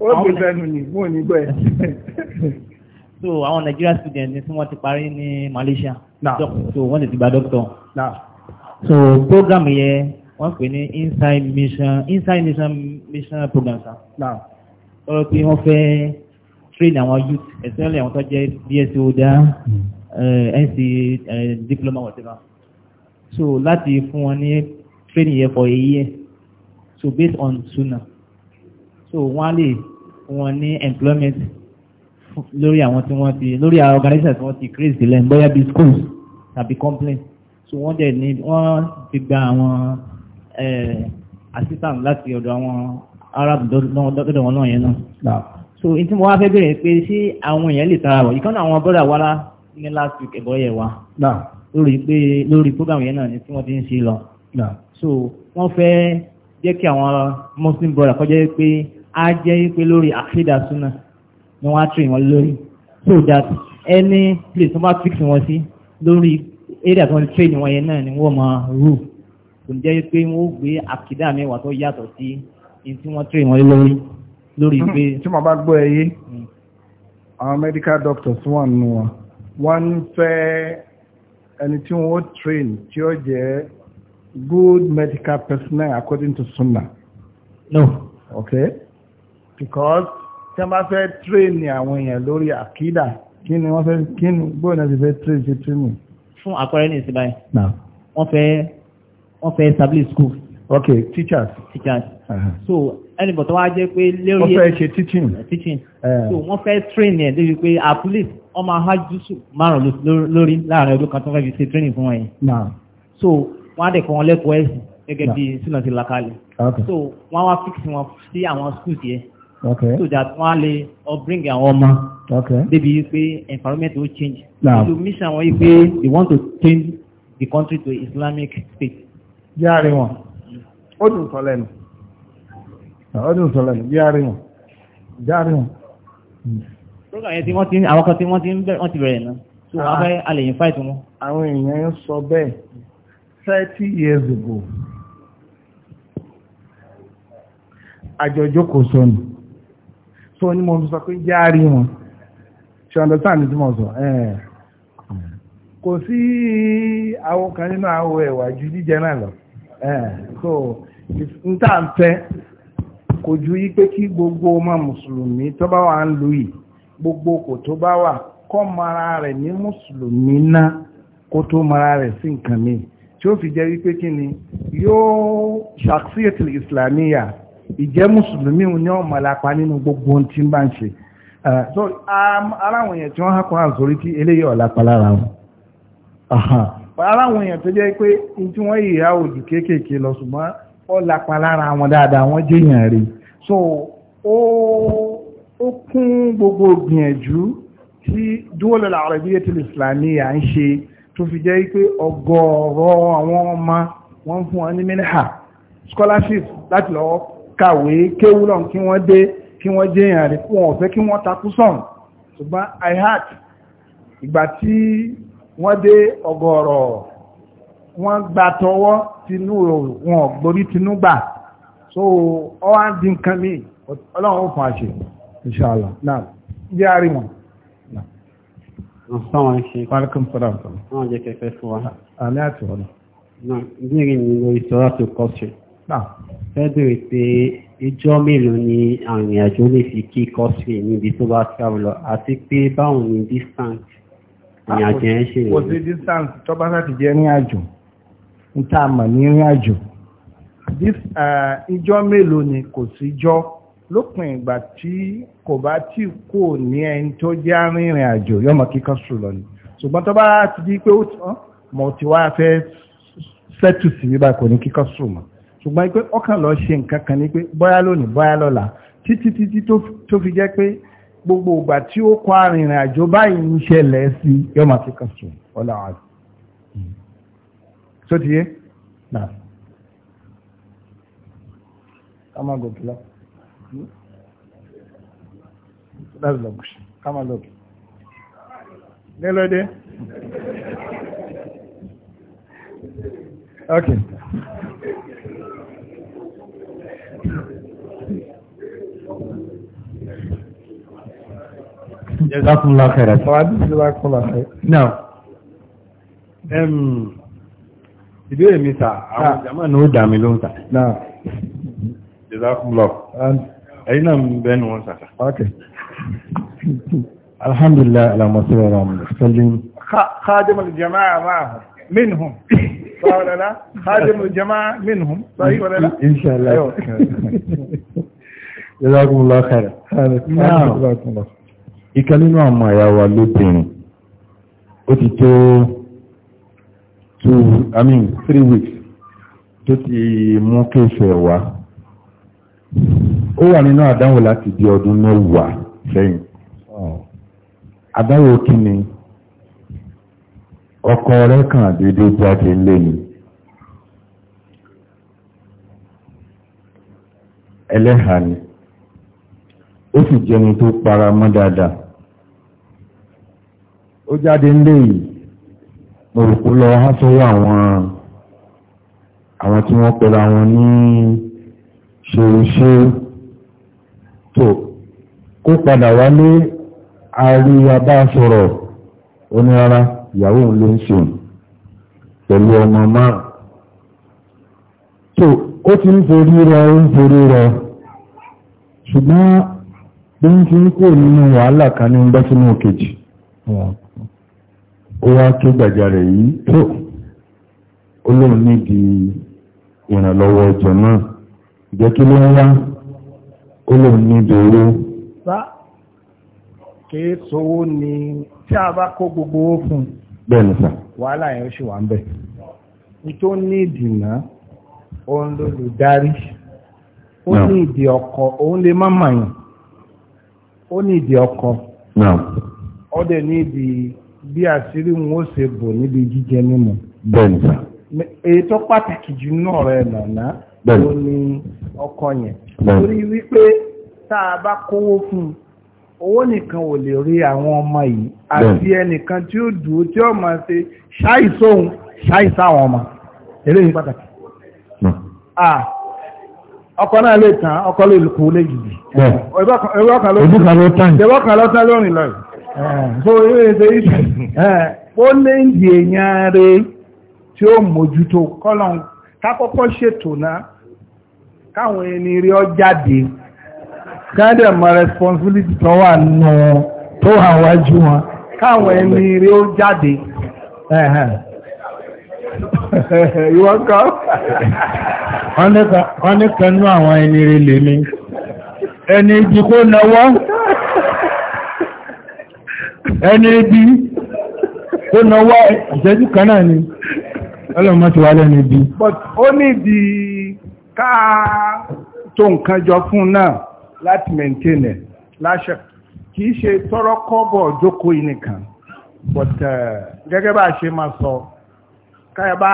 ó gbé sẹ́nu ni mú ní gbẹ́ so àwọn Nigerian students ni wọ́n ti parí ní Malaysia so wọ́n lè ti gba doctor so program yẹn wọ́n pè ní inside mission inside mission mission program sa. ọ̀rọ̀ pé wọ́n fẹ́ train àwọn youth especially àwọn tó jẹ́ DSO dá hmm. eh, NC eh, diploma whatever so láti fún wọn ní training yẹn for a year so based on suna so wọ́n á lè fún wọn ní employment lórí àwọn tí wọ́n ti lórí àwọn organizers tí wọ́n ti create sílẹ̀ bóyá bí schools tàbí complain so wọ́n dẹ̀ ní wọ́n ti gba àwọn assistant láti ọ̀dọ̀ àwọn arab dọ́dọ̀ wọn náà yẹn náà so in tí mo wá fẹ́ bẹ̀rẹ̀ pé ṣé àwọn èèyàn lè tara wọ̀ ìkànnì àwọn bọ́dà wa lá ní last week ẹ̀bọ́ yẹ̀ wa lórí pé lórí program yẹn náà ni tí wọ́n ti ń ṣe lọ so wọ́n fẹ́ jẹ́ kí àwọn muslim brother kọjá pé á jẹ́ pé lórí àkídà súnà ni wọ́n á tìrì wọn lórí so that any place wọ́n bá fix wọn sí lórí area tó ń train wọn yẹn náà ni wọ́n máa rú kò ní jẹ́ pé wọ́n gbé àkìdá mẹ́wàá tó yàtọ̀ sí in tí wọ́n train wọn lórí lórí hmm, pé. tí mo bá gbọ́ ẹ hmm. àwọn medical doctors wà nù wọn wọ́n fẹ́ ẹni tí wọ́n train tí ó jẹ́ good medical personnel according to sunnah. No. Okay. Because tí wọ́n bá fẹ́ train àwọn èèyàn lórí àkídà kí ni wọ́n fẹ́ kí ni gbóòdà ti fẹ́ train ṣe training fún àkọrẹ́ ní ìsinmi wọ́n fẹ́ wọ́n school. ok teachers. teachers. Uh -huh. so ẹnìbọ̀ tó wá jẹ́ pé lórí wọ́n fẹ́ ṣe teaching. teaching. Uh, so wọ́n fẹ́ train ẹ̀ lórí pé at least wọ́n máa há jùsù márùn lórí láàrin ọdún kan tó fẹ́ fi ṣe training fún wọn yìí. so wọ́n á dẹ̀ kọ́ wọn lẹ́kọ̀ọ́ ẹ̀sìn gẹ́gẹ́ bí sílọ̀ ti là so wọ́n á wá fix wọn sí àwọn schools yẹn. Okay. so that wọ́n á lè bring àwọn ọmọ débi pé environment will change. Now, ìlú mission wọ́n yí pé they want to change the country to Islamic state. bí a rí wọn ó dùn sọ lẹ́nu ó dùn sọ lẹ́nu bí a rí wọn bí a rí wọn. àwọn kan tí wọ́n ti bẹ̀rẹ̀ náà so wọ́n ah. fẹ́ a lè invite wọn. àwọn èèyàn sọ bẹ́ẹ̀ thirty years ago àjọjókòó sọnù so ni mo sọ pé járí wọn ṣe understand ní tí mo sọ kò sí àwọn kan nínú àwọn ẹ̀wà ju jíjẹ náà lọ so n tá n fẹ́ kò ju yí pé kí gbogbo ọmọ mùsùlùmí tó bá wà ń lu yìí gbogbo kò tó bá wà kọ́ mara rẹ̀ ní mùsùlùmí náà kó tó mara rẹ̀ sí nǹkan mi tí ó fi jẹ́ wípé kí ni yóò ṣàkíyèsí islamiyah ìjẹ́ mùsùlùmí ní ọmọ lápá nínú gbogbo tí ń bá ń ṣe so aláwọn èèyàn tí wọ́n hákọ́ àzórí tí eléyìí ọ̀lápá lára wọn aláwọn èèyàn tó jẹ́ pé in tí wọ́n yìí àwòjù kéékèèké lọ ṣùgbọ́n ọ̀lápá lára wọn dáadáa wọ́n jẹ́yàn rí so ó kún gbogbo gbìyànjú tí dúwọ́lọ́lá Arabiyyah al-Islamiyya à ń ṣe tó fi jẹ́ pé ọgọ́ọ̀rọ̀ àwọn ọmọ wọn fún wọn ní mílíà scholarship láti lọ́wọ́ kàwé kéwú náà kí wọ́n dé kí wọ́n jẹ́ èèyàn rí fún ọ̀fẹ́ kí wọ́n takú sọ̀n ṣùgbọ́n ihat ìgbà tí wọ́n dé ọgọ́rọ̀ wọ́n gba tọwọ́ tinú wọn gborí tinú gbà so ọwá di nǹkan mi ọlọ́run ó fún àṣẹ inshallah náà jẹ́ àrí wọn. Assalamu alaikum. Wa alaikum salam. Wọ́n jẹ́ kẹfẹ́ fún wa. Àmì àti ọ̀nà. Náà, bí ìrìn ni lórí sọ́rọ̀ tó kọ́ ṣe. Náà fẹ́ bèrè pé ijọ́ mélòó ni àrìnàjò lè fi kí kọ́sìrì níbi tó bá travel lọ àti pé báwo ni distance ìrìnàjò yẹn ṣe rẹ̀. kò distance tó bá láti jẹ́ ní àjò ń tá mọ̀ ní ìrìn àjò eh, ijọ́ mélòó ni kò sí jọ́ lópin ìgbà tí kò bá tí kò ní ẹni tó jẹ́ arìnrìn àjò yọmọ kíkọ́ sùn lọ ni ṣùgbọ́n tó bá ti di pé ó tán mọ̀ fẹ́ sẹ́tù sí bíbá kò ní kíkọ́ sùn ṣùgbọ́n pé ọkàn lọ ṣe nǹkan kan ní pé bóyá lónìí bóyá lọ́la títí títí tó fi jẹ́ pé gbogbo ìgbà tí ó kọ arìnrìn àjò báyìí ń ṣẹlẹ̀ sí yóò máa fi kàn sùn ọ̀la wa. so tiye na ká máa gòkè lọ that's the question ká máa nílòdì [LAUGHS] ok. جزاكم الله خيرا جزاكم الله خيرا نعم ام mi sà àwọn jàmáà ní ó dà جزاكم الله ẹ̀yìn náà ń bẹ́nu wọn sàkà okay alhamdulillah alamọ́sí ọ̀rọ̀ ọmọdé خادم الجماعة معهم منهم صح ولا لا خادم الجماعة منهم صحيح ولا لا إن شاء الله أيوه. جزاكم الله خيرا نعم. جزاكم الله خير ìkan nínú ọmọ ẹ̀yà wa lóbìnrin ó ti tó two i mean three weeks tó ti mú kéṣẹ̀ wá ó wà nínú àdánwò láti di ọdún mẹ́wàá sẹ́yìn àdánwò kí ni ọkọ rẹ̀ kàn déédéé jáde lé ni ẹlẹ́hàá ni ó sì jẹni tó para mọ́ dáadáa ó jáde nílé yìí mo rò kó lọ wá sọ́wọ́ àwọn àwọn tí wọ́n pẹ̀lú àwọn ní ṣeéṣe tó kó padà wálé àárí ìyàwó òun ló ń ṣeun pẹ̀lú ọmọ máa tó ó ti ń forí rọ ó ń forí rọ ṣùgbọ́n bí ń kó ó wá tó gbàjarè yìí tó olóhùn nídi ìrànlọ́wọ́ ọjọ́ náà jẹ́ kí ló ń wá olóhùn nídi owó. bá kìí sowó ni tí a bá kó gbogbo owó fún bẹ́ẹ̀ ni wàhálà yẹn ó ṣì wà ń bẹ̀. ìtò ní ìdìnnà òun ó òun lè má ó ní ìdí ọkọ bí àṣírí wọn ó ṣe bò níbi jíjẹ mímu. bẹ́ẹ̀ni sá. èyí tó pàtàkì jù náà rẹ nàná. bẹ́ẹ̀ni ó ní ọkọ yẹn. bẹ́ẹ̀ni torí wípé tá a bá kówó fún un owó nìkan ò lè rí àwọn ọmọ yìí àti ẹnìkan tí ó dùn tí ó máa ṣe ṣáìsóhun ṣáìsáwọn ọmọ eré yìí pàtàkì ọkọ̀ náà lè tán ọkọ̀ lè kú lè jìdì ẹgbọ́kan ló tán lórin lọ́yìn so yóò ṣe ìṣẹ́ rẹ̀ tí ó mójútó kọ́lọ̀n kákọ́kọ́ ṣètò náà káwọn ẹni rí ọ jáde káàdẹ̀ responsibility tó wà nù tó wà wájú wọn káwọn ẹni rí ó jáde ìwọ́n wọ́n ní àwọn ẹni rí ẹni náwọ́ ẹni ibi tó náwó ìṣẹ́jú kan náà ni ọlọ́mọ ti wà lẹ́nu ibi. but ó ní di ká tó nǹkan jọ fún náà láti maintain ẹ̀ láṣẹ kìí ṣe tọrọ kọ́bọ̀ jókòó yìí nìkan but uh, gẹ́gẹ́ bá a ṣe máa sọ káyọ̀bá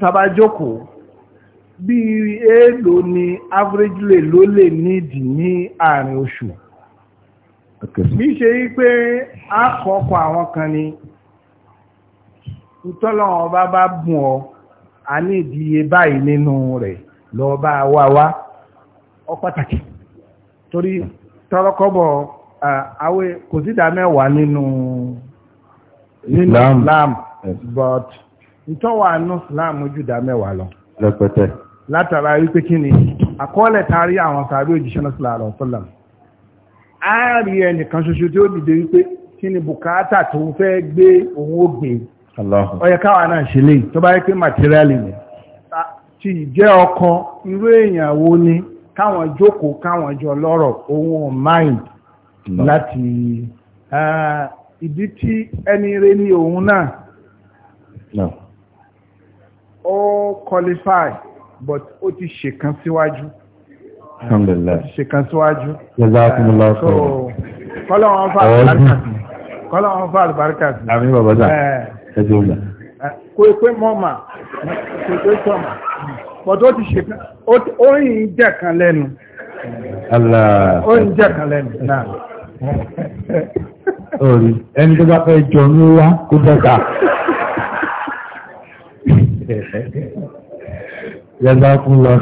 tabajókòó bí èèlò ni average lè ló lè nídìí ní àárín oṣù. bí ṣe yí pé a kọ́kọ́ àwọn kan ni ìtọ́lọ́wọ́n bá bá bùn ọ a ní ìdíye báyìí nínú rẹ̀ lọ bá wá wá ọ torí tọ́rọkọ́bọ̀ àwẹ́ kò sí mẹ́wàá nínú Islam but ìtọ́wà nínú Islam ju ìdá mẹ́wàá lọ lẹ́pẹ̀tẹ̀ látara wípé kí ni àkọọ́lẹ̀ tarí àwọn sàárè òjíṣẹ́ náà sílẹ̀ àrọ̀ a rí ẹnìkan ṣoṣo tí ó dìde wípé kí ni bùkátà tó ń fẹ́ gbé òun ó gbé ọyẹ káwa náà ṣe lè tó bá yẹ pé màtíríàlì ni ti jẹ́ ọkọ irú èèyàn wo ni káwọn jókòó káwọn jọ lọ́rọ̀ òun ò máìn láti ìdí tí ẹni rẹ ní òun náà ó qualify but ó ti ṣèkan síwájú. Si alhamdulillah ṣìkan síwájú kọ́lọ̀wọ́n fà àlùbáríkà sí àmì bàbájá eh. ẹjọ́ ìgbà eh, kò pé mọ́mà kò pé sọ́mà but ó ti ṣìkan ó yìí jẹ́ kan lẹ́nu ó yìí jẹ́ kan lẹ́nu náà orí ẹni tó bá fẹ́ jọ ní wá kó dẹ́ka Yẹ́dá kún lọ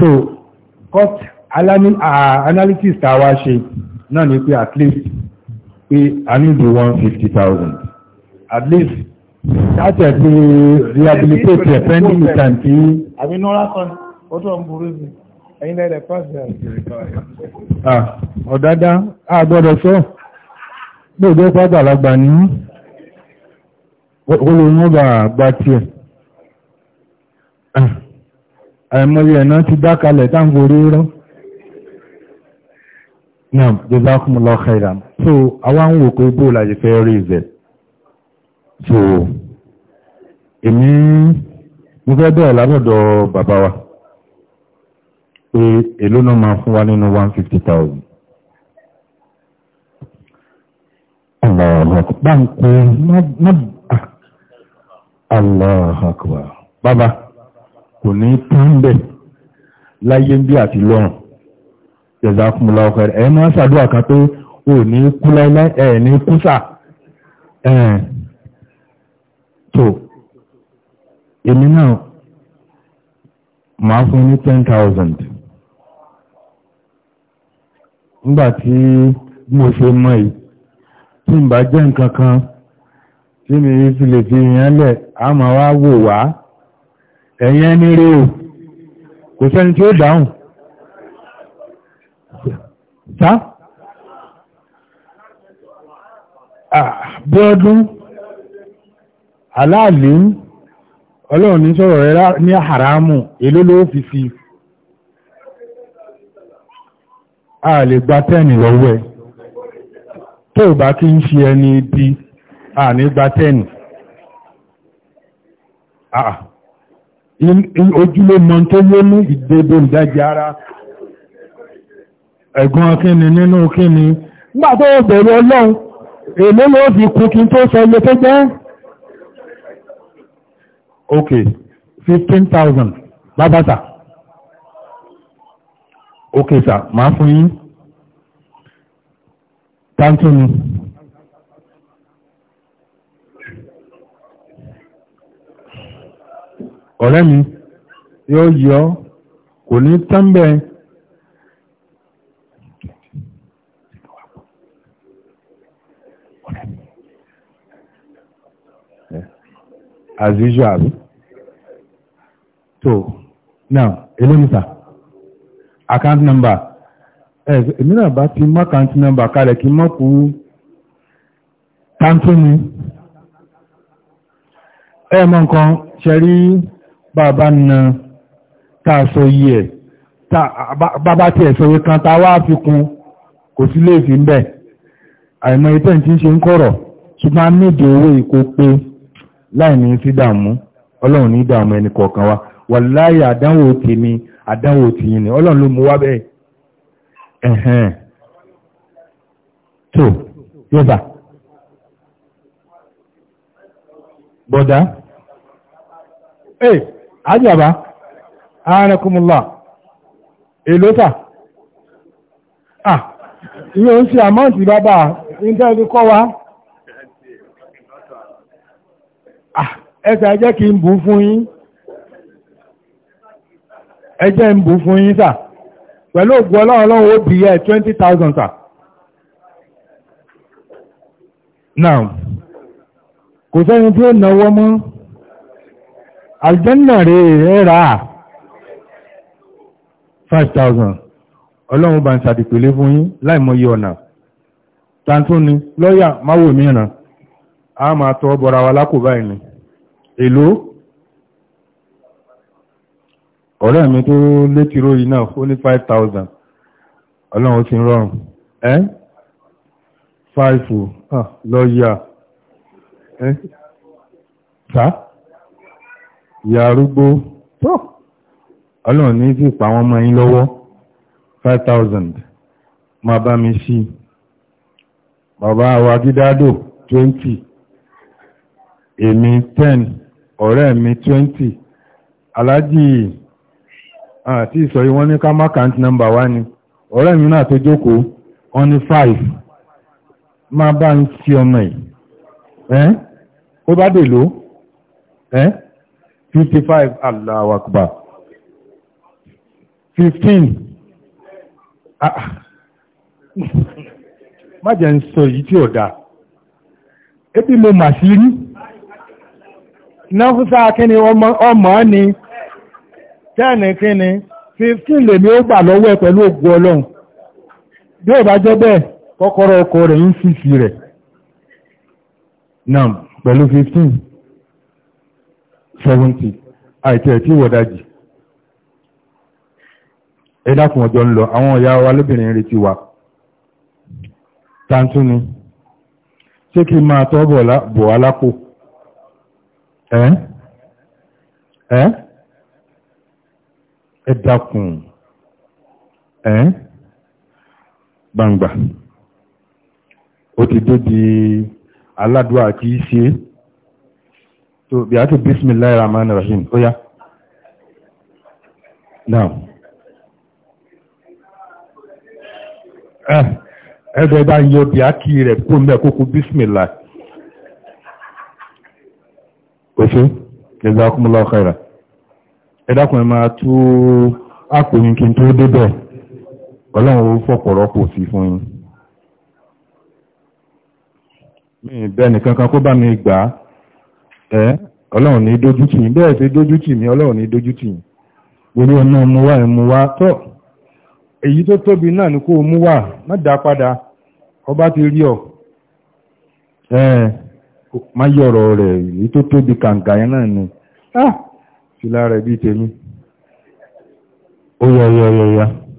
so court uh, analysis tá a wá ṣe náà ni pé at least pé a need one fifty thousand at least láti ẹ̀ pé rehabilitate ẹ̀ pending time tí. àbí nora kan ó tó ń burú sí ẹ̀yin lẹ́dẹ̀ pàṣẹ. ọ̀dádá a gbọ́dọ̀ sọ gbogbo pàgbàlagbà ní olóyún ọgbà àgbà tiẹ̀ àìmọye ẹ̀nà ti dákalẹ̀ táǹgorí rọ́ náà jazakumullahu khairan so àwọn ń wò pé bó láti fẹ́ rí ìzẹ̀ so èmi mo fẹ́ bẹ̀rẹ̀ lábọ̀dọ̀ bàbá wa pé èló náà máa fún wa nínú 150,000 Allah akbar. Bá ń pè, má, má, ah, Allah akbar. Bàbá kò ní tánbẹ̀ láyé bí àti lọ́rùn jẹ̀zákùnmùlá ọkọ̀ ẹ̀ ẹ̀ máa ṣàdúrà kan pé ò ní kú láíláí ẹ̀ ní kú sà ẹ̀ tó èmi náà máa fún ní ten thousand nígbà tí mo ṣe mọ̀ yìí tí n bá jẹ́ nǹkan kan tí mi fi lè fi ìyẹn lẹ̀ a máa wá wò wá. ẹ̀yẹn ní rí o kò sẹ́ni tí ó dáhùn sá bọ́ọ̀dún aláàlú ọlọ́run ní sọ̀rọ̀ rẹ ní àhàrámù èló ló fi sí a lè gba tẹ́ẹ̀nì lọ́wọ́ ẹ tó bá kí ń ṣe ẹni bí a ní gba tẹ́ẹ̀nì ojúlé mọ́ tó yé ní ìdébò ìdájì ara ẹ̀gbọ́n kíni nínú kíni nígbà tó bẹ̀rẹ̀ ọlọ́run èlé ló fi kú kí tó sọ ilé tó jẹ́ ok 15,000 bábátà ok sà máa fún yín tántúni ọ̀rẹ́ mi yóò yọ kò ní tẹ́m̀bẹ̀ as usual so now elémìta account number èmi náà bá ti mọ́ account number kalẹ̀ kí mọ́ kú tántó ni ẹ mọ́ nǹkan ṣe rí bàbá na tààsọ yìí ẹ̀ bàbá tí ẹ̀ sọ̀rọ̀ kan ta wá fi kún kò sí lè fi ń bẹ̀ àìmọ̀ ìtẹ́ tí ń ṣe ń kọ̀rọ̀ ṣùgbọ́n a nídìí owó ìkó pé láìní sí dààmú ọlọ́run ní dààmú ẹni kọ̀ọ̀kan wa wàláyé àdánwò tèmi àdánwò tìyìn ni ọlọ́run ló mú wá bẹ́ẹ̀ tó bọ́dá Hey! ajaba anakumula elota ah iye ń ṣe àmọ́ǹtì bàbá ìntẹ́ẹ̀bí kọ́ wa ẹsẹ̀ ah, ẹjẹ́ kí n bù fún yín ẹjẹ́ ń bù fún yín sà pẹ̀lú ògbò ọlọ́run ọlọ́run ó bí ẹ̀ 20,000 sà now kò sẹ́ni tí ó náwó mọ́ aljanna rẹ̀ ẹ̀rà 5,000 ọlọ́run bá ń sàdìpèlé fún yín láìmọye ọ̀nà tàntúni lọ́yà máwò mìíràn a máa tọ́ bọ́ra wa lákòbá ẹni èlò ọ̀rẹ́ mi tó létíró yìí náà ó ní 5,000 ọlọ́run ti rọrùn ẹ́ 5 ah, lọ́yà ẹ́ sáà ìyá arúgbó tó ọlọ́run ní sí ìpa wọn máa yín lọ́wọ́ 5000 ma bá mi sí bàbá wa gídádò 20 èmi 10 ọ̀rẹ́ mi 20 alájì àti ìsọ̀rí wọ́n ní ká má count number wá ni ọ̀rẹ́ mi náà tó jókòó wọ́n ní 5 máa bá ń sí ọmọ ẹ̀ ẹ́ ó bá dè ló ẹ́ eh? 55 Allahu Akbar 15 ah. [LAUGHS] má jẹ́ ń sọ yìí tí ò dáa ebi mo ma sí rí náfúsá kíni ọmọ ni tẹ́ẹ̀nì kíni 15 lèmi ó gbà lọ́wọ́ ẹ pẹ̀lú ògùn ọlọ́run bí ò bá jẹ́ bẹ́ẹ̀ kọ́kọ́rọ́ ọkọ̀ rẹ̀ ń fìfì rẹ̀ náà pẹ̀lú 15 seventy àìtẹ́ ẹ̀ tí wọ̀dájì ẹ dákun ọjọ́ ń lọ àwọn ìyá wa lóbìnrin retí wa tàǹtún ni ṣé kí máa tọ́ bọ̀ alápò ẹ́ ẹ́ ẹ ẹ́ gbangba ó ti dé di aládùá kìí ṣe é to bi ake Bismillah rahmanir rahim ó yá now eh ẹgbẹ́ bá yọ bí ákì rẹ̀ kó mẹ́ bismillah òṣè jazakumullahu khairan ẹ̀dàkùnrin máa tú àpòyìn kí n tó débẹ̀ ọlọ́run ó fọ̀pọ̀rọ̀pọ̀ sí fún yín mi bẹ́ẹ̀ nìkan kan kó bá mi gbà ẹ́ ọlọ́run ní dójútì bẹ́ẹ̀ dójútì ọlọ́run ní dójútì ọ̀nà èyí tó tóbi náà ni kó mú má dá padà ọba ti rí má yọ̀rọ̀ rẹ̀ èyí tó tóbi náà ni ah sí lára tèmi ó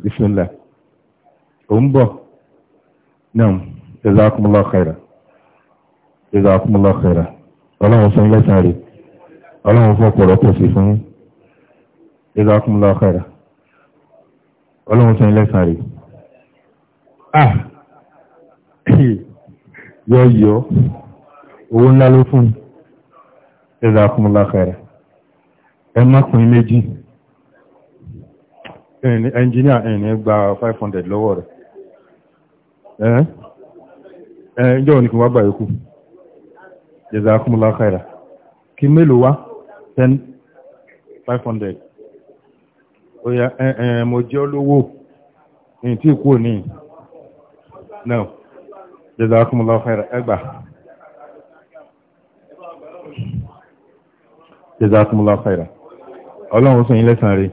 ìfúnlẹ̀ ń bọ̀ náà ọlọ́run fún lẹ́sàn rẹ̀ ọlọ́run fún ọ̀pọ̀rọ̀ tó sì fún ìlú akúnlọ ọ̀kẹ́rà ọlọ́run fún lẹ́sàn rẹ̀ ah [COUGHS] yọ yọ owó ńlá ló fún ìlú akúnlọ ọ̀kẹ́rà ẹ mọ́kùnrin méjì ẹnjìníà ẹ̀yìn gba 500 lọ́wọ́ rẹ̀ ẹ̀ ẹ̀ ìjọ́ òní kí wọ́n gbà yókù jazakumullahu khaira kí mélòó wá 10 500 oya ẹ̀ẹ̀ eh, eh, mo jẹ́ olówó ní tí kú ní no jazakumullahu khaira ẹgbà jazakumullahu khaira ọlọ́run sọ yí lẹ́sàn rí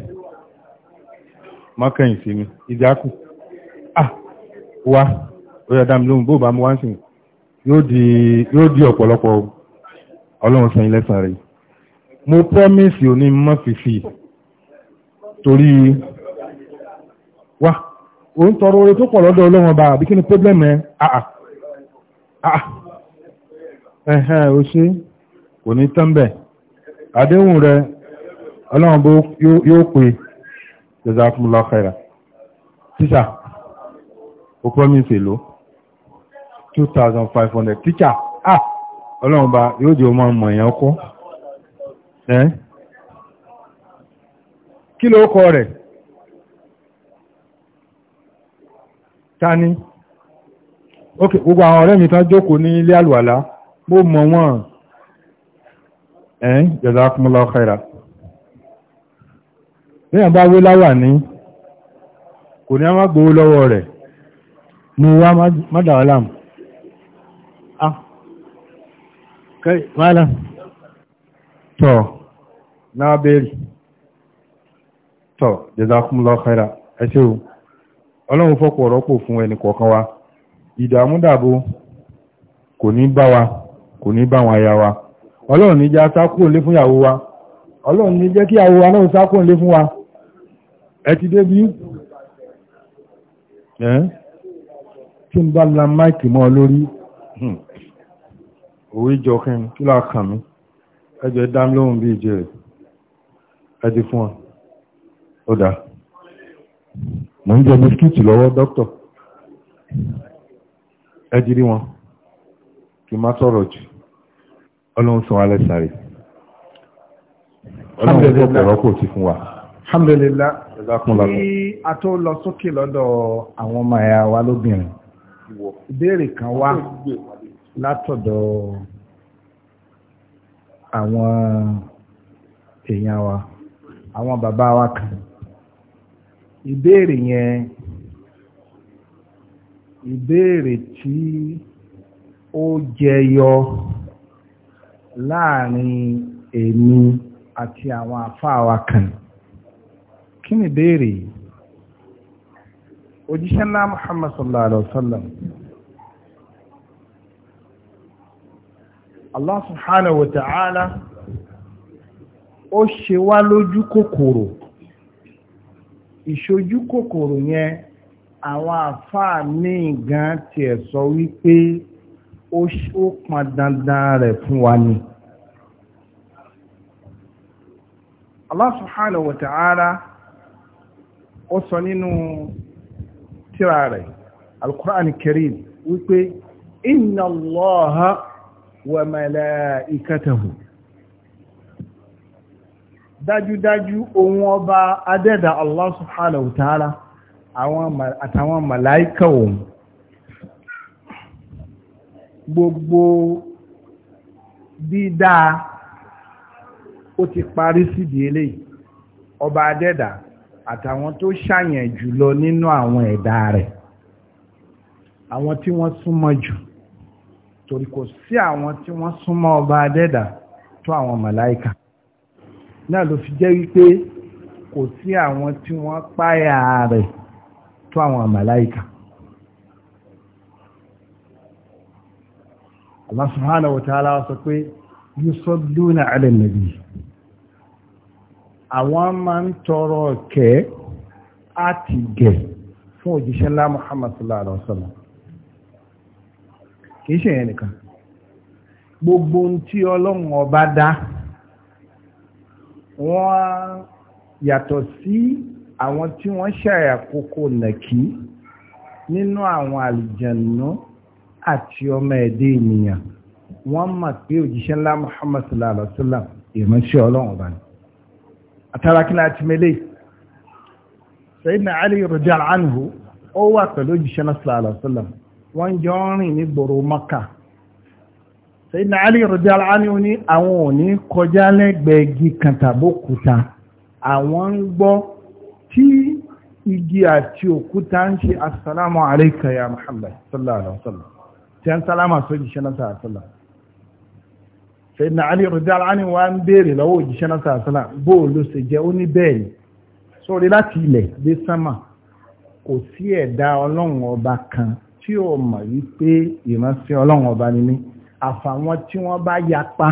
mọ́kànyìn sí mi ìdákù ah wá oya dámi lóhun bó bá mú wá ń sìn yóò di ọ̀pọ̀lọpọ̀ ọlọ́run sẹ́yìn lẹ́sàn rẹ̀ mo promise ò ní mọ́ fìfì torí wá o ń tọrọ orí tó pọ̀ lọ́dọ̀ ọlọ́run ọba àbí kí ni problem ẹ àà àà ẹ̀hẹ́ o ṣe kò ní tẹ́m̀bẹ̀ àdéhùn rẹ ọlọ́run bó yóò pè jazakumullahu khaira tíṣà o promise èlò 2500 tíṣà ah ọlọ́run bá yóò jẹ́ ọmọ ọmọ èèyàn kọ́ ẹ́ kí ló kọ rẹ̀ tani ok gbogbo àwọn ọ̀rẹ́ mi tán jókòó ní ilé àlùwàlá mo mọ̀ wọ́n ẹ̀ jazakumullahu khaira lẹ́yìn bá wé láwà ní kò ní a má gbowó lọ́wọ́ rẹ̀ mo wá má kai malam to na beri to jazakumullahu khaira ẹ o ọlọ́run fọ́pọ̀ ọ̀rọ̀ fún ẹnì wa kò ní bá wa kò ní bá wọn wa ọlọ́run ní já le fún ìyàwó wa ní jẹ́ kí ìyàwó wa náà wa ti òwe jọkin kí ló kàn mí ẹjọ́ dám lóhùn bí ìjẹ́ rẹ̀ ẹdí fún ọ ó dá mọ̀ ń jẹ bisikíìtì lọ́wọ́ dókítọ̀ ẹdí rí wọn kí má sọ̀rọ̀ jù ọlọ́run sọ alẹ́ sáré ọlọ́run tó kọ̀rọ̀ kò sí fún wa alhamdulillah kí a tó lọ sókè lọ́dọ̀ àwọn ọmọ ẹ̀yà wa lóbìnrin ìbéèrè kan wá látọ̀dọ̀ àwọn èèyàn wa àwọn bàbá wa kan ìbéèrè yẹn ìbéèrè tí ó jẹyọ láàrin èmi àti àwọn àfáà wa kan kí ni ìbéèrè yìí òjíṣẹ́ ńlá Muhammad sallallahu alaihi wa sallam Allah subhanahu wa ta'ala o ṣe wá lójú kòkòrò ìṣojú kòkòrò yẹn àwọn àfáà ní ìgán ti ẹ̀ sọ wípé ó pọn dandan rẹ̀ fún wa ni Allah subhanahu wa ta'ala ó sọ nínú tírà rẹ̀ al-Qur'an al-Karim wípé inna ha wàmàláìkàtàhù dájúdájú ohun ọba adẹ́dà Allah subhanahu wa ta'ala àtàwọn màláìkà òun gbogbo dídáa ó ti parí sídìí eléyìí ọba adẹ́dà àtàwọn tó ṣàyàn jùlọ nínú àwọn ẹ̀dá rẹ̀ àwọn tí wọ́n súnmọ́ jù torí kò sí àwọn tí wọ́n súnmọ́ ọba adẹ́dà tó àwọn màláìkà náà ló fi jẹ́ wípé kò sí àwọn tí wọ́n páyà rẹ̀ tó àwọn màláìkà Allah subhanahu wa ta'ala sọ pé yusalluna 'ala an-nabi àwọn máa ń tọrọ kẹ́ àti gẹ̀ fún òjíṣẹ́ ńlá sallallahu alaihi wa kìí ṣe yẹn nìkan gbogbo ohun tí ọlọ́run ọba dá wọ́n yàtọ̀ sí àwọn tí wọ́n ṣàyàkókò nàkí nínú àwọn àlìjànú àti ọmọ ẹ̀dẹ́ ènìyàn wọ́n mọ̀ pé òjíṣẹ́ ńlá Muhammad sallallahu alaihi wa sallam ìránṣẹ́ ọlọ́run ọba ni àtàràkínà àti mẹ́lẹ̀ Sayyidina Ali radiyallahu anhu ó wà pẹ̀lú òjíṣẹ́ ńlá sallallahu alaihi wa sallam wọ́n jọ ń rìn ní gbòòrò maka Sayyidina Ali radiyallahu anhu ní àwọn ò ní kọjá lẹ́gbẹ̀ẹ́ igi kan tàbókúta àwọn ń gbọ́ tí igi àti òkúta ń ṣe assalamu alayka ya Muhammad sallallahu alaihi wasallam tí ń sálámà sójì ṣe náà sàásílà Sayyidina wa ń kò sí ẹ̀dá ọlọ́run ọba kan tí ò mọ̀ wípé ìránṣẹ́ ọlọ́run ọba ni mí àfàwọn tí wọ́n bá yapa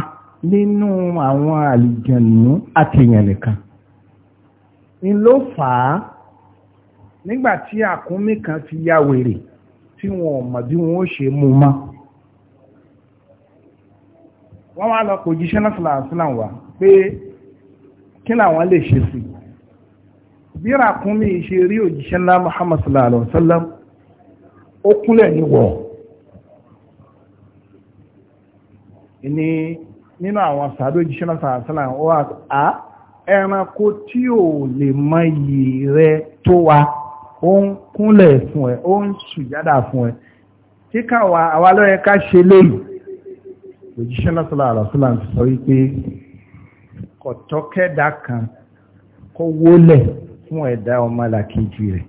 nínú àwọn àlìjẹ̀nù àtìyàn nìkan ń ló fà á nígbà tí àkúnmí kan fi ya wèrè tí wọn ò mọ̀ bí wọn ó ṣe mú mọ́ wọ́n wá lọ kò jíṣẹ́ náà fúlàfúlà wà pé kí làwọn lè ṣe sí bí ràkúnmí ṣe rí òjíṣẹ́ náà Muhammad sallallahu alaihi wa sallam ó kúnlẹ̀ ní wọ̀ ní nínú àwọn sàádó jíṣẹ́ náà sàásánà ó wà á ẹranko tí ò lè mọ iyì rẹ tó wa ó ń kúnlẹ̀ fún ẹ ó ń sùjádà fún ẹ tí káwa àwa lọ́yẹ ká ṣe léyìí òjíṣẹ́ náà ti sọ wípé kọ̀tọ́kẹ́dà kan kó wólẹ̀ fún ẹ̀dá ọmọlàkejì rẹ̀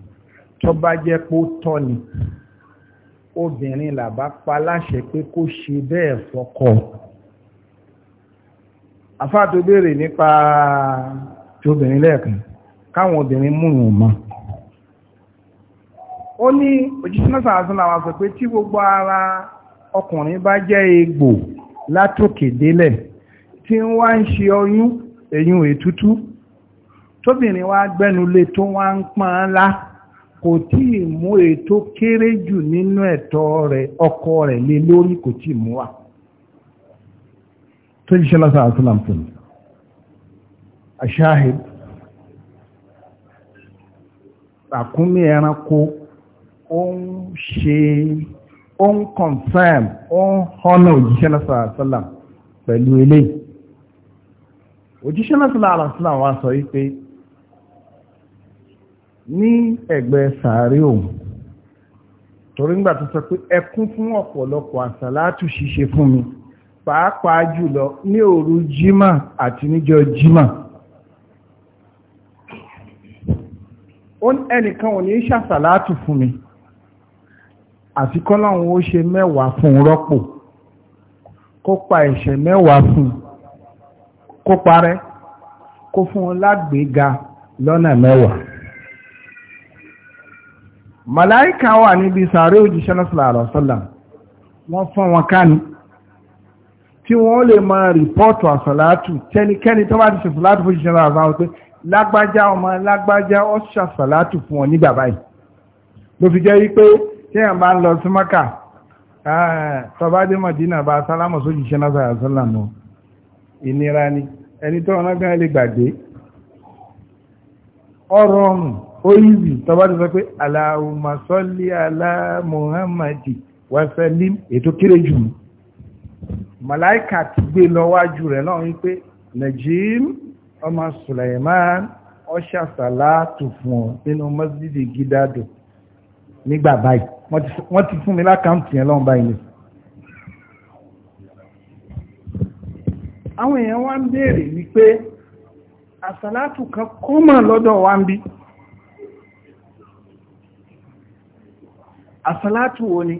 tó bá jẹ́ pé tọ́ ni obìnrin làbá pa láṣẹ pé kó ṣe bẹ́ẹ̀ fọ́kọ àfáà tó béèrè nípa tí obìnrin lẹ́ẹ̀kan káwọn obìnrin mú ìwọ̀n mọ́ ó ní òjíṣẹ́ náà sàásán làwọn sọ pé tí gbogbo ara ọkùnrin bá jẹ́ egbò látòkè délẹ̀ tí ń ń ṣe ọyún èyún ètútú tóbìnrin wá gbẹ́nulé tó wá ń pọ́n lá kò tí ì mú ètò kéré jù nínú ẹ̀tọ́ rẹ̀ ọkọ rẹ̀ lé lórí kò tí ì mú wa tó ṣiṣẹ́ lọ́sàn àtúnlàm tó ní aṣáhid àkúnmí ẹranko ó ń ṣe ó ń confirm ó ń òjíṣẹ́ wa sọ wípé ní ẹ̀gbẹ́ sàárè òun torí ńgbà tó sọ pé ẹkún fún ọ̀pọ̀lọpọ̀ àsàlátù ṣíṣe fún mi pàápàá jùlọ ní òru jímà àti níjọ́ jímà ẹnìkan ò ní ṣàsàlátù fún mi àti kọ́láwọn ó ṣe mẹ́wàá fún rọ́pò kó pa ẹ̀ṣẹ̀ mẹ́wàá fún kó parẹ́ kó fún un lágbèéga lọ́nà mẹ́wàá màláìkà wà níbi sàárẹ́ òjíṣẹ́ lọ́sọ̀lá sọ́lá wọ́n fọ́n wọn káni tí wọ́n lè máa rìpọ́ọ̀tù àsàlátù tẹnikẹ́ni tó bá ti ṣe sàlátù fún òjíṣẹ́ lọ́sọ̀lá sọ́lá pé lágbájá ọmọ lágbájá ó ṣàsàlátù fún wọn nígbà báyìí ló fi jẹ́ wípé tí èèyàn bá ń lọ sí eh, mọ́kà tọ́bádé ó yìí tọ́bá ti sọ pé Allahumma salli ala Muhammadi wa sallim ètò kéré jù mí màláìkà ti gbé lọ́wájú rẹ̀ náà wípé Najim ọmọ Suleiman ọṣà sàlátù fún ọ nínú mọ́sídìí gídádò nígbà báyìí wọ́n ti fún mi lákàntì yẹn lọ́nà báyìí àwọn èèyàn wá ń béèrè wípé àsàlátù kan kọ́mọ̀ lọ́dọ̀ wa ń bí. àsọlátù wo ni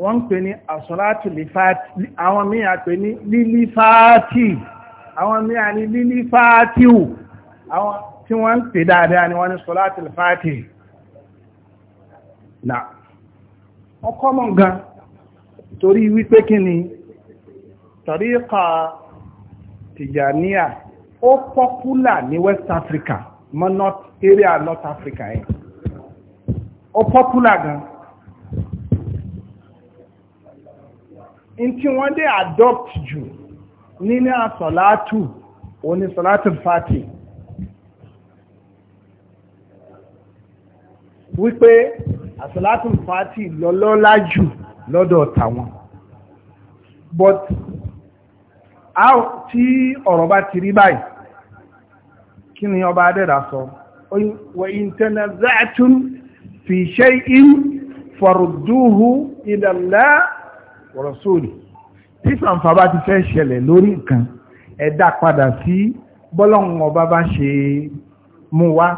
wọ́n ń pè ní àsọlátù lifati, àwọn míì à pè ní lílífàtì àwọn míì à ní lílífàtìwù àwọn tí wọ́n ń pè dáadáa ni wọ́n ní sọlátù lífàtì na ọkọ́ mọ̀ gan torí wípé kí ni tọ̀ríkà tìjàníà ó pọ́pùlà ní West Africa mọ́ area North Africa yẹn. Eh ó pọ́pùlà gan in tí wọ́n dé adopt jù nínú àsọ̀látù òní sọ̀látù fati wípé àsọ̀látù fati lọ́lọ́lá jù lọ́dọ̀ tàwọn but tí ọ̀rọ̀ bá ti rí báyìí kí ni ọba adẹ́dà sọ wọ́n in tanaza'tum fi shay'in farudduhu ila Allah wa rasuli tí fàǹfà bá ti fẹ́ ṣẹlẹ̀ lórí nǹkan ẹ̀dá padà sí bọ́lọ́hun ọba bá ṣe mú wá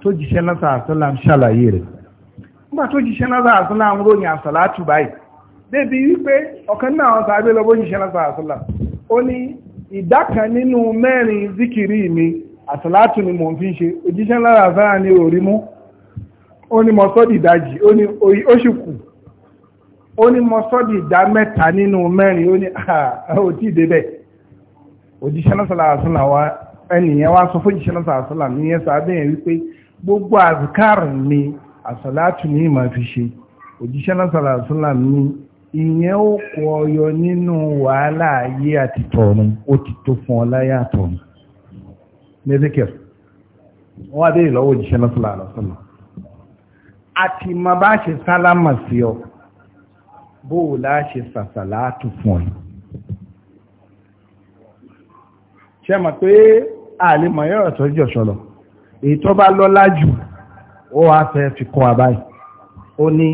tó jíṣẹ́ náà sàásọ́lá ń ṣàlàyé rẹ̀ nígbà tó jíṣẹ́ náà sàásọ́lá ń ròyìn àsàlá tù báyìí débi wípé ọ̀kan náà wọn sàábé lọ bó jíṣẹ́ náà sàásọ́lá ó ní ìdá kan nínú mẹ́rin zikiri mi àsàlá tù mò ń fi ṣe òjíṣẹ́ náà sàásọ́lá ni ò mú ó ní mo sọ́dì ìdajì ó ní ó sì kù ó ní mo sọ́dì ìdá mẹ́ta nínú mẹ́rin ó ní ó tí ì wa ẹnìyẹn wá sọ fún òjíṣẹ́ náà sọ̀rọ̀ àṣùnà ní yẹn sọ ni àṣàlátù ní ìmọ̀ fi ṣe òjíṣẹ́ náà sọ̀rọ̀ àṣùnà ní ìyẹn ó kọ ọyọ nínú wàhálà ayé àti tọ̀run ó ti tó fún ọ láyé àtọ̀run mẹ́sẹ̀kẹ̀ wọ́n adé ìlọ́wọ́ òjíṣẹ́ náà sọ̀rọ̀ àti ma bá ṣe sálámà sí ọ bó o láṣe sàṣàlátù fún ọ ṣe mọ̀ pé àlemọ̀ yọ̀rọ̀ tó jọ ṣọlọ èyí tó bá lọ́lá jù ó wá fẹ́ fi kọ́ àbáyé ó ní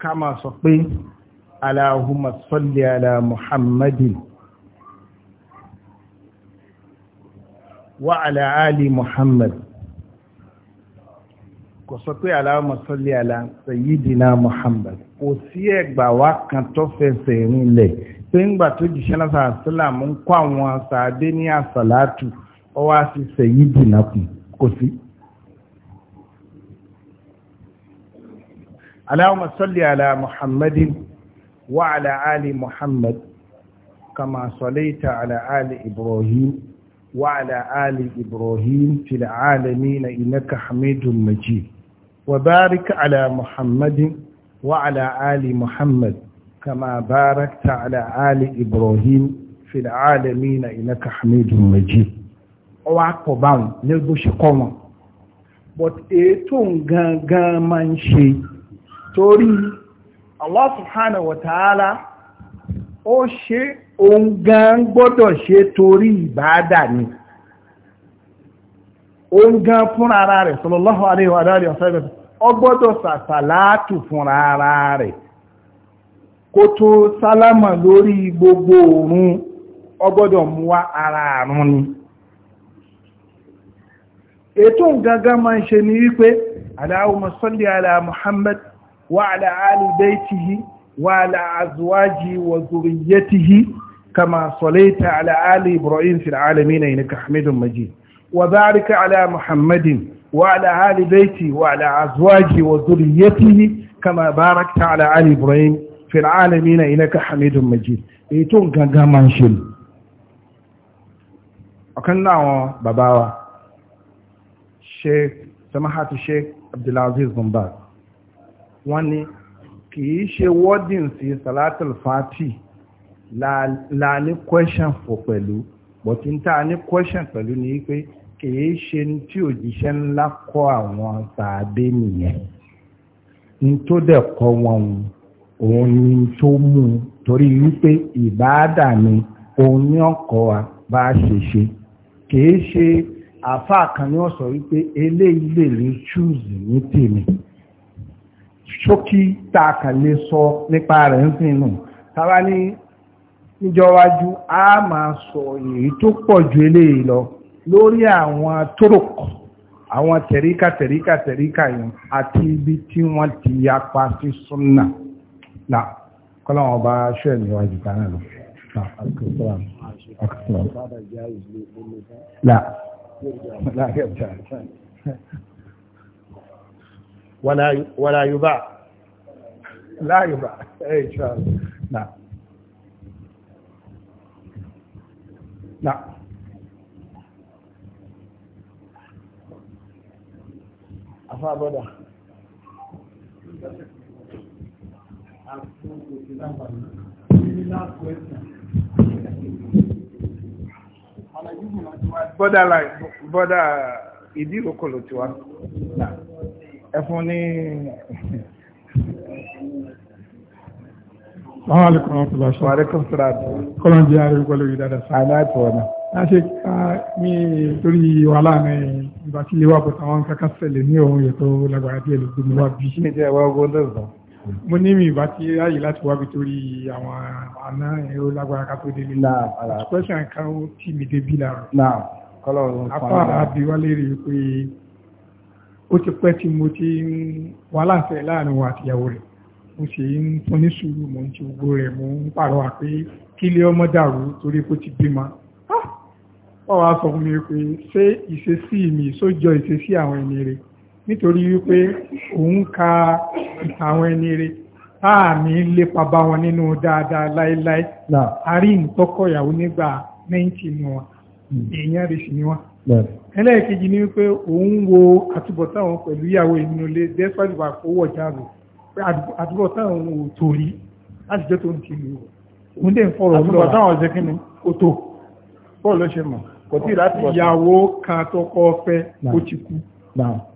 ká máa sọ pé aláhùmà sọ́lẹ̀ alá muhammadin wa alá ali muhammad kò sọ pé Allahumma salli ala sayyidina Muhammad kò sí ẹgbà wá kan tó fẹsẹ̀ rinlẹ̀ pé ńgbà tó jìṣẹ́ náà sàásílà mú ń kó àwọn sàádé ní àsàlátù ọwọ́ àti sayyidina kùn kò sí. Allahumma salli ala Muhammadin wa ala ali Muhammad kama sallaita ala ali Ibrahim وعلى آل إبراهيم في العالمين إنك حميد مجيد وبارك على محمد وعلى آل محمد كما باركت على آل إبراهيم في العالمين إنك حميد مجيد ọwọ́ àpọ̀báhùn ní bó ṣe kọ́ wọn but ètò gangan máa ń ṣe torí Allah subhanahu wa ta'ala ó ṣe òun gan gbọ́dọ̀ ṣe torí ìbáadà ni òun gan fúnra ara rẹ̀ sallallahu alaihi wa alihi wasallam ọgbọ́dọ̀ sàṣàlátù fúnra ara rẹ̀ kó tó sálámà lórí gbogbo òun ọgbọ́dọ̀ mú wá ara àrùn ni ètò gangan máa ń ṣe ní wípé Allahumma salli ala Muhammad wa ala ali baitihi wa ala azwaji wa zuriyatihi kama sallaita ala ali Ibrahim fil alamin innaka hamidun majid وبارك على محمد وعلى آل بيتي وعلى أزواجي وذريته كما باركت على آل إبراهيم في العالمين إنك حميد مجيد إيتون كان ما نشيل وكان باباوا الشيخ سماحة الشيخ عبد العزيز بن باز واني kìí ṣe wọ́dìn sí salatul fati la ní question for pẹ̀lú but n ta ní question pẹ̀lú ni kìí ṣe tí òjíṣẹ́ ńlá kọ́ àwọn sàábé nìyẹn ní tó dẹ̀ kọ́ wọn òun ni tó mú torí wípé ìbáàdà ni òun ní ọkọ̀ wa bá ṣe ṣe kìí ṣe àfáà kan ni wọ́n wípé eléyìí lè ní chúùsì ní tèmi ṣókí tá a kàn lè sọ nípa rẹ̀ ń sìn nù táwa ní níjọ́wájú a máa sọ èyí tó pọ̀ ju eléyìí lọ lórí àwọn tóròkọ̀ àwọn tẹ̀ríkà tẹ̀ríkà tẹ̀ríkà yìí àti ibi tí wọ́n ti yapa sí na náà kọ́lọ́wọ́n bá ṣẹ́ níwájú kan náà lọ. ولا يباع لا يباع اي شاء الله نعم àfà àbọ̀dà. bọ́dà láì bọ́dà ìdí ìrókòlò tiwa ẹ̀fún ní. Àwọn alẹ́kùnrin ọ̀tún lọ́ṣọ́. Wàlékùn sílá. Kọ́lọ́n jẹ́ àríwá lórí dáadáa. Àná àti wọ̀nà. láti ká ní torí wàhálà ní ìgbà tí lè wà bọ̀ táwọn kankan ṣẹlẹ̀ ní òun yẹ tó díẹ̀ ló gbé mi wá bí. mi jẹ́ wá ogún lọ́sàn. mo ní mi ìbá ti ráyè láti wá bí torí àwọn àná ẹ̀rọ lágbára ká tó délé. náà àlà pẹ́sàn kan ó tì mí débí lára. náà kọ́lọ̀ ló ń fa àlà. afárá bí wálé rí i pé ó ti pẹ́ tí mo ti ń wàhálà fẹ́ láàrin òun àtìyàwó rẹ̀ mo sì ń fún ní sùúrù mo ń ti gbogbo rẹ̀ mo ń pàrọwà pé kílé ọmọ dàrú torí kó ti bímọ ah! wọ́n wá sọ fún mi pé ṣé ìṣesí mi sójọ ìṣesí àwọn ẹni rẹ̀ nítorí wípé òun ka ìtàn ẹni rẹ̀ táàmì lépa bá wọn nínú dáadáa láéláé àrí ìtọ́kọ̀ nígbà 90 ni wọn hmm. èèyàn rẹ̀ sì ni wọn ẹlẹ́ẹ̀kejì ni wípé òun wo àtúbọ̀táwọn pẹ̀lú ìyàwó inú ilé despite wà kó wọ̀ jáàbò pé àtúbọ̀táwọn ò tò rí láti jẹ́ tó ń ti lò òun dẹ̀ ń fọ̀rọ̀ lọ́wọ́ àtúbọ̀táwọn bọ́ọ̀ ló ṣe mọ̀ kò tí láti bọ̀ ìyàwó kan tó kọ́ fẹ́ ó ti kú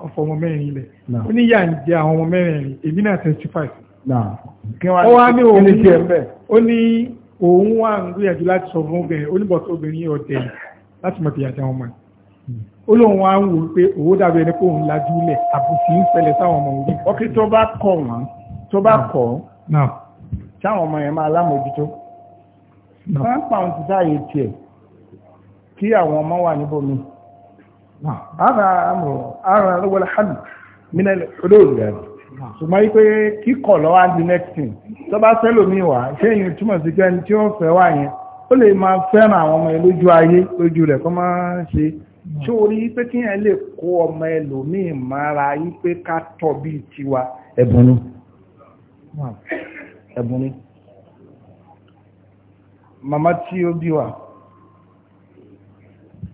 ọ̀fọ̀ ọmọ mẹ́rin ilẹ̀ ó ní yà ń jẹ àwọn ọmọ mẹ́rin èmi náà testify ó wá ní òun ó ní òun wà ń gbìyànjú láti sọ fún obìnrin oníbọ̀tò obìnrin ọ̀dẹ̀ láti mọ̀ fìyàjà wọn mọ̀ ó lóun wá ń wò pé òwò dàbí ẹni pé òun lajú lẹ̀ àbùsí ń fẹlẹ̀ sáwọn ọmọ òun. ok tó bá kọ wọn tó bá kọ sáwọn ọmọ yẹn máa lámòjútó. five pounds sáàyè tiẹ̀ kí àwọn ọmọ wà níbòmí ara àmọ̀ ara lọ́wọ́ hàn mínà olóòrùn rẹ̀ ṣùgbọ́n wípé kíkọ̀ lọ́wọ́ the next thing tó bá fẹ́ lómi wà ṣé èyí túmọ̀ sí pé ẹni tí ó fẹ́ wà yẹn ó lè máa fẹ́ràn àwọn ọmọ ẹ lójú ayé lójú rẹ̀ kọ́ máa ṣe tí ó rí pé kí ẹ lè kó ọmọ ẹlòmíì mára yí pé ká tọ́ bí tiwa ẹ̀bùn ni ẹ̀bùn ni màmá tí ó bí wa.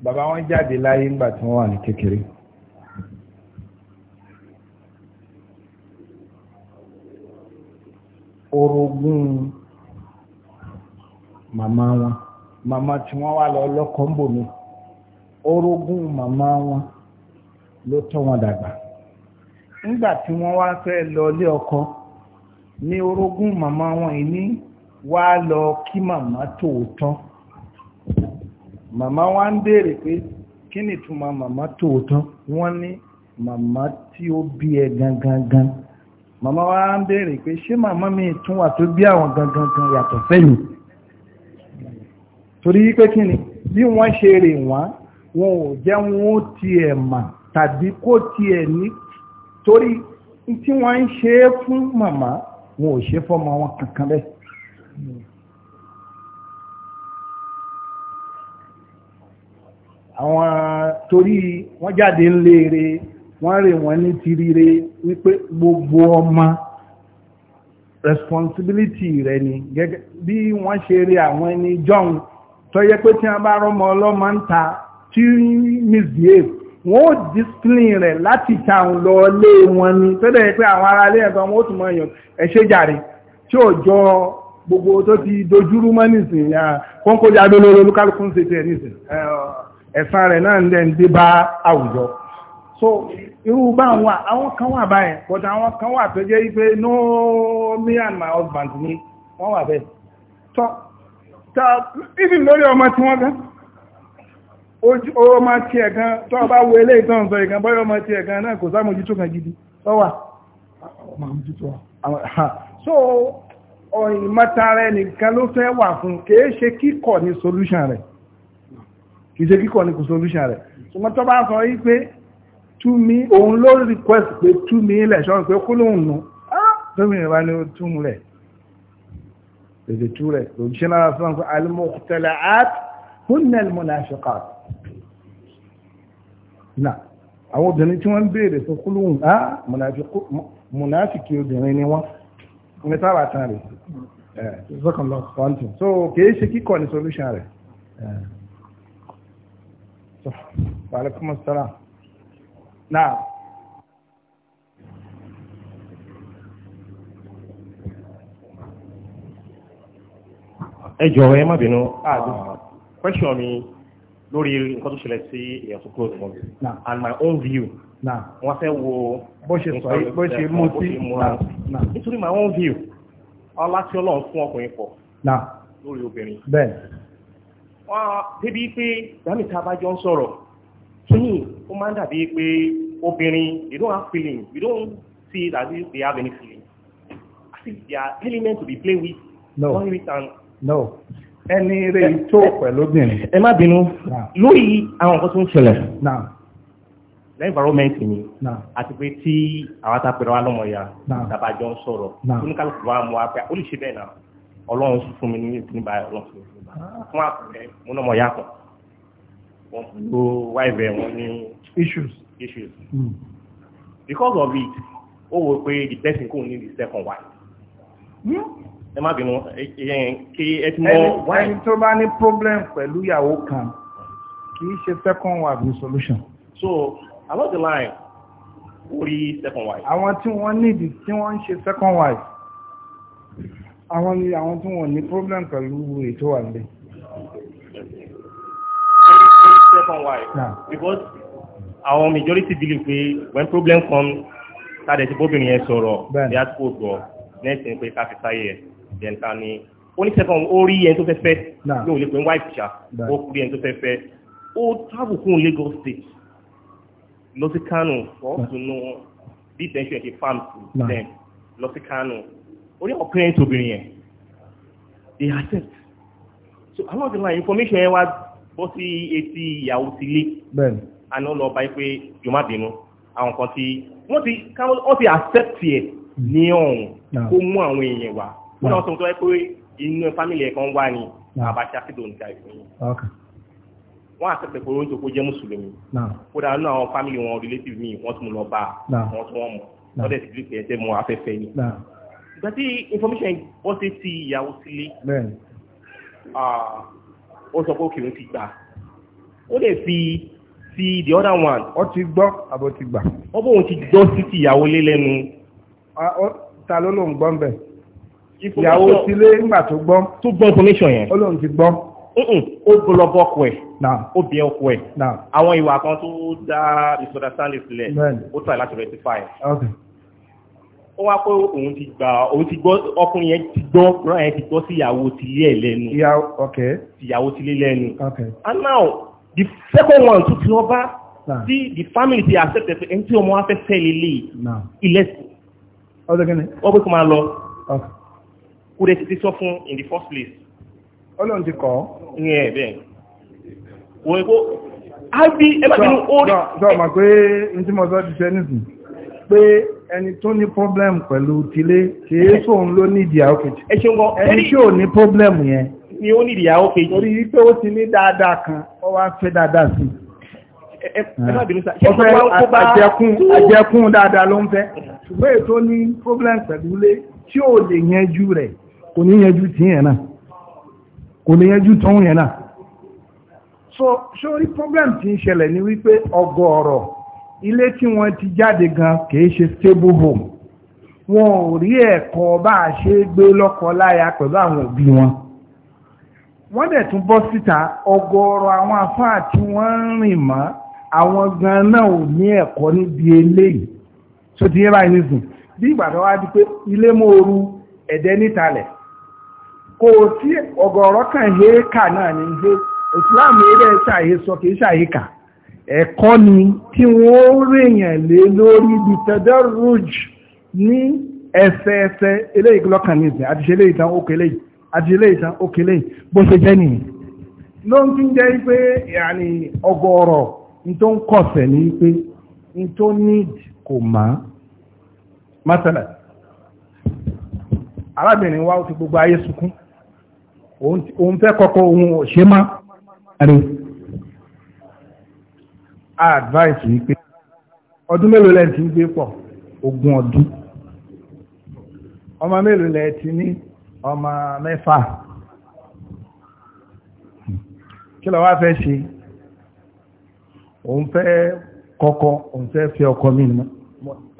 bàbá wọn jáde láyé ńgbà tí wọ́n wà ní kékeré orogún màmá wọn màmá tí wọ́n wà lọ lọ́kọ́ ń bò mí orogún màmá wọn ló tọ́ wọn dàgbà nígbà tí wọ́n wá fẹ́ lọ ilé ọkọ ní orogún màmá wọn yìí ní wá lọ kí màmá tòótọ́ màmá wa ń béèrè pé kí ni ìtumọ̀ màmá tòótọ́ wọ́n ní màmá tí ó bí ẹ gangan màmá wa ń béèrè pé ṣé màmá mi tún wà tó bí àwọn gangan yàtọ̀ sẹ́yìn torí kí ni bí wọ́n ṣe rè wọ́n wọn ò jẹ́ wọn ó tiẹ̀ mà tàbí kó tiẹ̀ ní torí tí wọ́n ń ṣe é fún màmá wọn kankan bẹ́ẹ̀. àwọn torí wọ́n jáde ń léèrè wọ́n rè wọ́n ní ti ríre wípé gbogbo ọmọ responsibility rẹ̀ ni gẹ́gẹ́ bí wọ́n ṣe rí àwọn ẹni jọ̀hún tó yẹ pé tí wọ́n bá rọ́mọ ọlọ́mọ ń ta tí misbehave wọ́n ó discipline rẹ̀ láti ta àwọn lọ lé wọn ni tó dẹ̀ pé àwọn ará ilé ẹ̀kan wọ́n ó tún mọ èèyàn ẹ̀ṣẹ́ jàre tí ò jọ gbogbo tó ti dojúrú mọ́ nísìnyí kọ́ńkó jáde olúkálùkù ń ṣe tiẹ̀ nísìnyí ẹ̀san rẹ̀ náà ń dé bá àwùjọ so irú bá wà àwọn kan wà báyẹn but àwọn kan wà tó jẹ́ wípé no me and my husband ni wọ́n wà bẹ́ẹ̀ tọ́ tọ́ ibi lórí ọmọ tí wọ́n gan ọmọ tí ẹ̀ gan tọ́ bá wo ilé ìtàn sọ ìkan bọ́yọ̀ ọmọ tí ẹ̀ gan náà kò sámójútó kan gidi tọ́ wà so ọ̀yìn mọ́tara ẹnìkan ló fẹ́ wà fún kìí ṣe kíkọ̀ ní solution rẹ̀ kì í ṣe kíkọ ní kò solution rẹ̀ ṣùgbọ́n tó bá sọ yí pé tú mi òun ló request pé tú mi lẹ̀ ṣọ́run pé kó lóun nù ah! tóbi ìrìnbá ni ó tún lẹ̀ èdè tú rẹ̀ òjíṣẹ́ náà sọ pé alimọ̀tẹ́lẹ̀ at hunnel munafiqat náà àwọn obìnrin tí wọ́n ń béèrè fún kó lóun á mùnàfíkì obìnrin ni wọ́n ní sábà tán rẹ̀ ẹ̀ sọ́kànlọ́ fọ́ntì so kì í ṣe kíkọ solution Yeah. وعليكم السلام نعم ẹ ẹ má bínú ah, ah, mi lórí nǹkan tó sí close mi and my own view wo bó ṣe my own view ọlá tí fún ọkùnrin lórí obìnrin wọ́n débi pé dàmí tá a bá jọ ń sọ̀rọ̀ kíni ó máa ń dàbí pé obìnrin they don't have feeling we don't see that they have any feeling I think they are element to be play with no no ẹni rẹ̀ tó pẹ̀lú obìnrin. ẹ má bínú lórí àwọn nǹkan tó ń ṣẹlẹ̀ environment ni àti pé tí àwọn atapẹ̀rẹ̀ wa lọ́mọ ya tàbájọ́ ń sọ̀rọ̀ oníkàlùkù wa mú wa pé ó lè ṣe bẹ́ẹ̀ náà ọlọ́run fún mi ní ìpín ọlọ́run fún mi ní náà mọ̀ yàtọ̀ wọn lo wáìbẹ̀ wọn ní issues issues hmm. because of it ó wò pé the person kò ní the second wife hmm. ẹ má bínú kí ẹ ti mọ wáìbẹ̀. ẹni tó bá ní problem pẹ̀lú ìyàwó kan kì í ṣe second wife ní solution. so along the line ó rí second wife. àwọn tí wọ́n nídìí tí wọ́n ń ṣe second wife àwọn ni àwọn tí wọ́n ní problem pẹ̀lú ètò wà nílẹ̀. because àwọn majority believe pé when problem come, tàdé tí bóbìnrin yẹn sọ̀rọ̀ bí a kò gbọ́ next thing pé ká fi sáyé ẹ̀ then ká ní ó ní second ó rí ẹni tó fẹ́ fẹ́ yóò lè pé wife ṣá ó rí ẹni tó fẹ́ fẹ́ ó travel kún Lagos state lọ sí Kano for us to know bí tension a farm to them lọ sí Kano orí ọ̀pẹ́ ẹ̀ tóbìnrin yẹn they accept so àwọn ọ̀dọ́ náà information yẹn wá bọ́ sí etí ìyàwó ti lé àná lọ bá pé jọmọ bínú àwọn kan tí wọ́n ti wọ́n ti accept yẹ hmm. ní ọ̀hún kó mú àwọn èèyàn wá wọ́n náà sọ pé inú family ẹ̀ kan wá ní àbáṣá sídò níta ìfún yìí wọ́n àtẹ̀tẹ̀ pé oúnjẹ kó jẹ́ mùsùlùmí kódà nínú àwọn family wọn relative mi wọ́n tún lọ bá wọ́n tún wọ́n mọ̀ lọ́dẹ̀ sí ìdílé ẹ̀jẹ̀ mọ́ afẹ́fẹ́ ni gbàtí information wọ́n ṣe ti ìyàwó sílé ó sọ pé òkèrè ti gbà ó lè fi ti the other one ó ti gbọ́ àbò ti gbà ó bóun ti gbọ́ sí ti ìyàwó lé lẹ́nu ta ló lóun gbọ́ ń bẹ̀ ìyàwó sílé ńgbà tó gbọ́ tó gbọ́ information yẹn ó lóun ti gbọ́ ó gbọlọgbọ ọkọ ẹ̀ ó bí ọkọ ẹ̀ àwọn ìwà kan tó dá misunderstanding sílẹ̀ ó tà láti rectify ó wá pé òun ti gbà òun ti gbọ́ ọkùnrin yẹn ti gbọ́ rán yẹn ti gbọ́ sí ìyàwó tilé ẹ̀ lẹ́nu ìyàwó tilé lẹ́nu and now the second one tún ti wọ́n bá tí the family ti accept ẹ̀ pé ẹni tí ọmọ wa fẹ́ fẹ́ lélẹ̀ ilẹ̀sìn wọ́n pé kó máa lọ kó dẹ̀ ti ti sọ fún in the first place. ọlọ́run ti kọ́. ní ẹ bẹ́ẹ̀ wọ́n epo á bí ẹ bá bínú ó rí. sọ ma pé n tí mo sọ ti sẹ́ nísìn pé ẹni tó ní problem pẹ̀lú tilé kìí sóun ló ní ìdíyàwó kejì ẹni tí ò ní problem yẹn ni ó ní ìdíyàwó kejì torí wípé ó ti ní dáadáa kan ó wá fẹ́ dáadáa sí ọ̀fẹ́ àjẹkún dáadáa ló ń fẹ́ ṣùgbọ́n ètò ní problem pẹ̀lú ilé tí ò lè yanjú rẹ̀ kò ní yanjú tí yẹn náà kò lè yanjú tóun yẹn náà so sórí problem tí ń ṣẹlẹ̀ ni wípé ọgọ́ọ̀rọ̀ ilé tí wọ́n ti jáde gan kìí ṣe stable home wọn ò rí ẹ̀kọ́ bá a ṣe gbé lọ́kọ láya pẹ̀lú àwọn òbí wọn wọ́n dẹ̀ tún bọ́ síta ọgọ́rọ̀ àwọn afáà tí wọ́n ń rìn mọ́ àwọn gan náà ò ní ẹ̀kọ́ níbi eléyìí tó ti yé báyìí nísìn bí ìgbà tó wá di pé ilé mòoru ẹ̀dẹ́ nítalẹ̀ kò sí ọgọ́rọ̀ kan héékà náà ní ṣe ìsìláàmù eré ṣàyè sọ kìí ṣàyè kà ẹ̀kọ́ ni tí wọ́n rèyàn lé lórí bí tadarruj ní ẹsẹẹsẹ eléyìí lọ́kàn ní ìsìn àti ṣẹlẹ̀ ìtàn òkèlè àti ṣẹlẹ̀ ìtàn òkèlè bó ṣe jẹ́ ni ló ń tí ń jẹ́ pé yàní ọgọ́rọ̀ ní tó ń kọ̀sẹ̀ ní pé tó ní kò má mátàlá arábìnrin wa ó ti gbogbo ayé sunkún òun fẹ́ kọ́kọ́ òun ò ṣe má rí a advice wípé ọdún mélòó lẹ́ẹ̀ ti ń gbé pọ̀ ogún ọdún ọmọ mélòó lẹ́ẹ̀ ti ní ọmọ mẹ́fà kí ló wá fẹ́ ṣe òun fẹ́ kọ́kọ́ òun fẹ́ fẹ́ ọkọ mi ni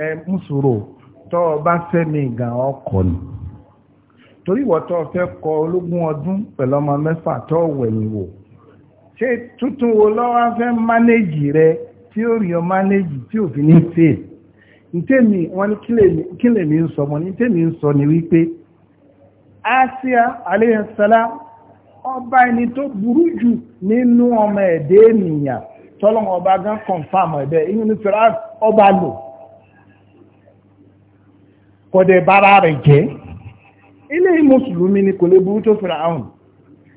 ẹ mùsùlùmí tọ́ ọ bá fẹ́ mi gan ọkọ ni torí ìwọ tọ́ ọ fẹ́ kọ ológun ọdún pẹ̀lú ọmọ mẹ́fà tọ́ ọ wẹ̀yìn wò. ṣé tuntun wo lọ́wọ́ fẹ́ mánéjì rẹ tí ó rí ọ mánéjì tí ò fi ní fail ntẹ́mi wọn ni kí mi ń sọ mọ́ ní sọ ni wípé Asia ọba ẹni tó burú jù nínú ọmọ ẹ̀dẹ́ ènìyàn ọba gan confam ẹ̀bẹ̀ inú ní fẹ́rẹ́ ọba lò kọ́dẹ̀ bára rẹ̀ jẹ́ ilé mùsùlùmí ni kò lè burú tó fẹ́rẹ́ àwọn.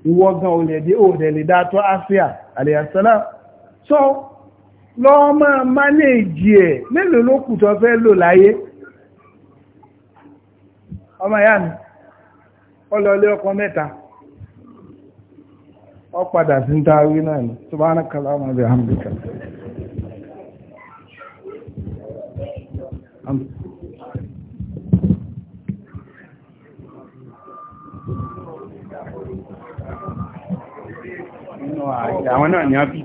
ìwọ́gan olèdí òdẹ̀lẹ̀dá tó áfíà àlèyàsọ́lá so lọ máa mánéjì ẹ̀ mélòó ló kù fẹ́ lò láyé ọmọ ìyá mi ọkọ mẹ́ta ọ padà sí ń náà ni àwọn náà ni a bí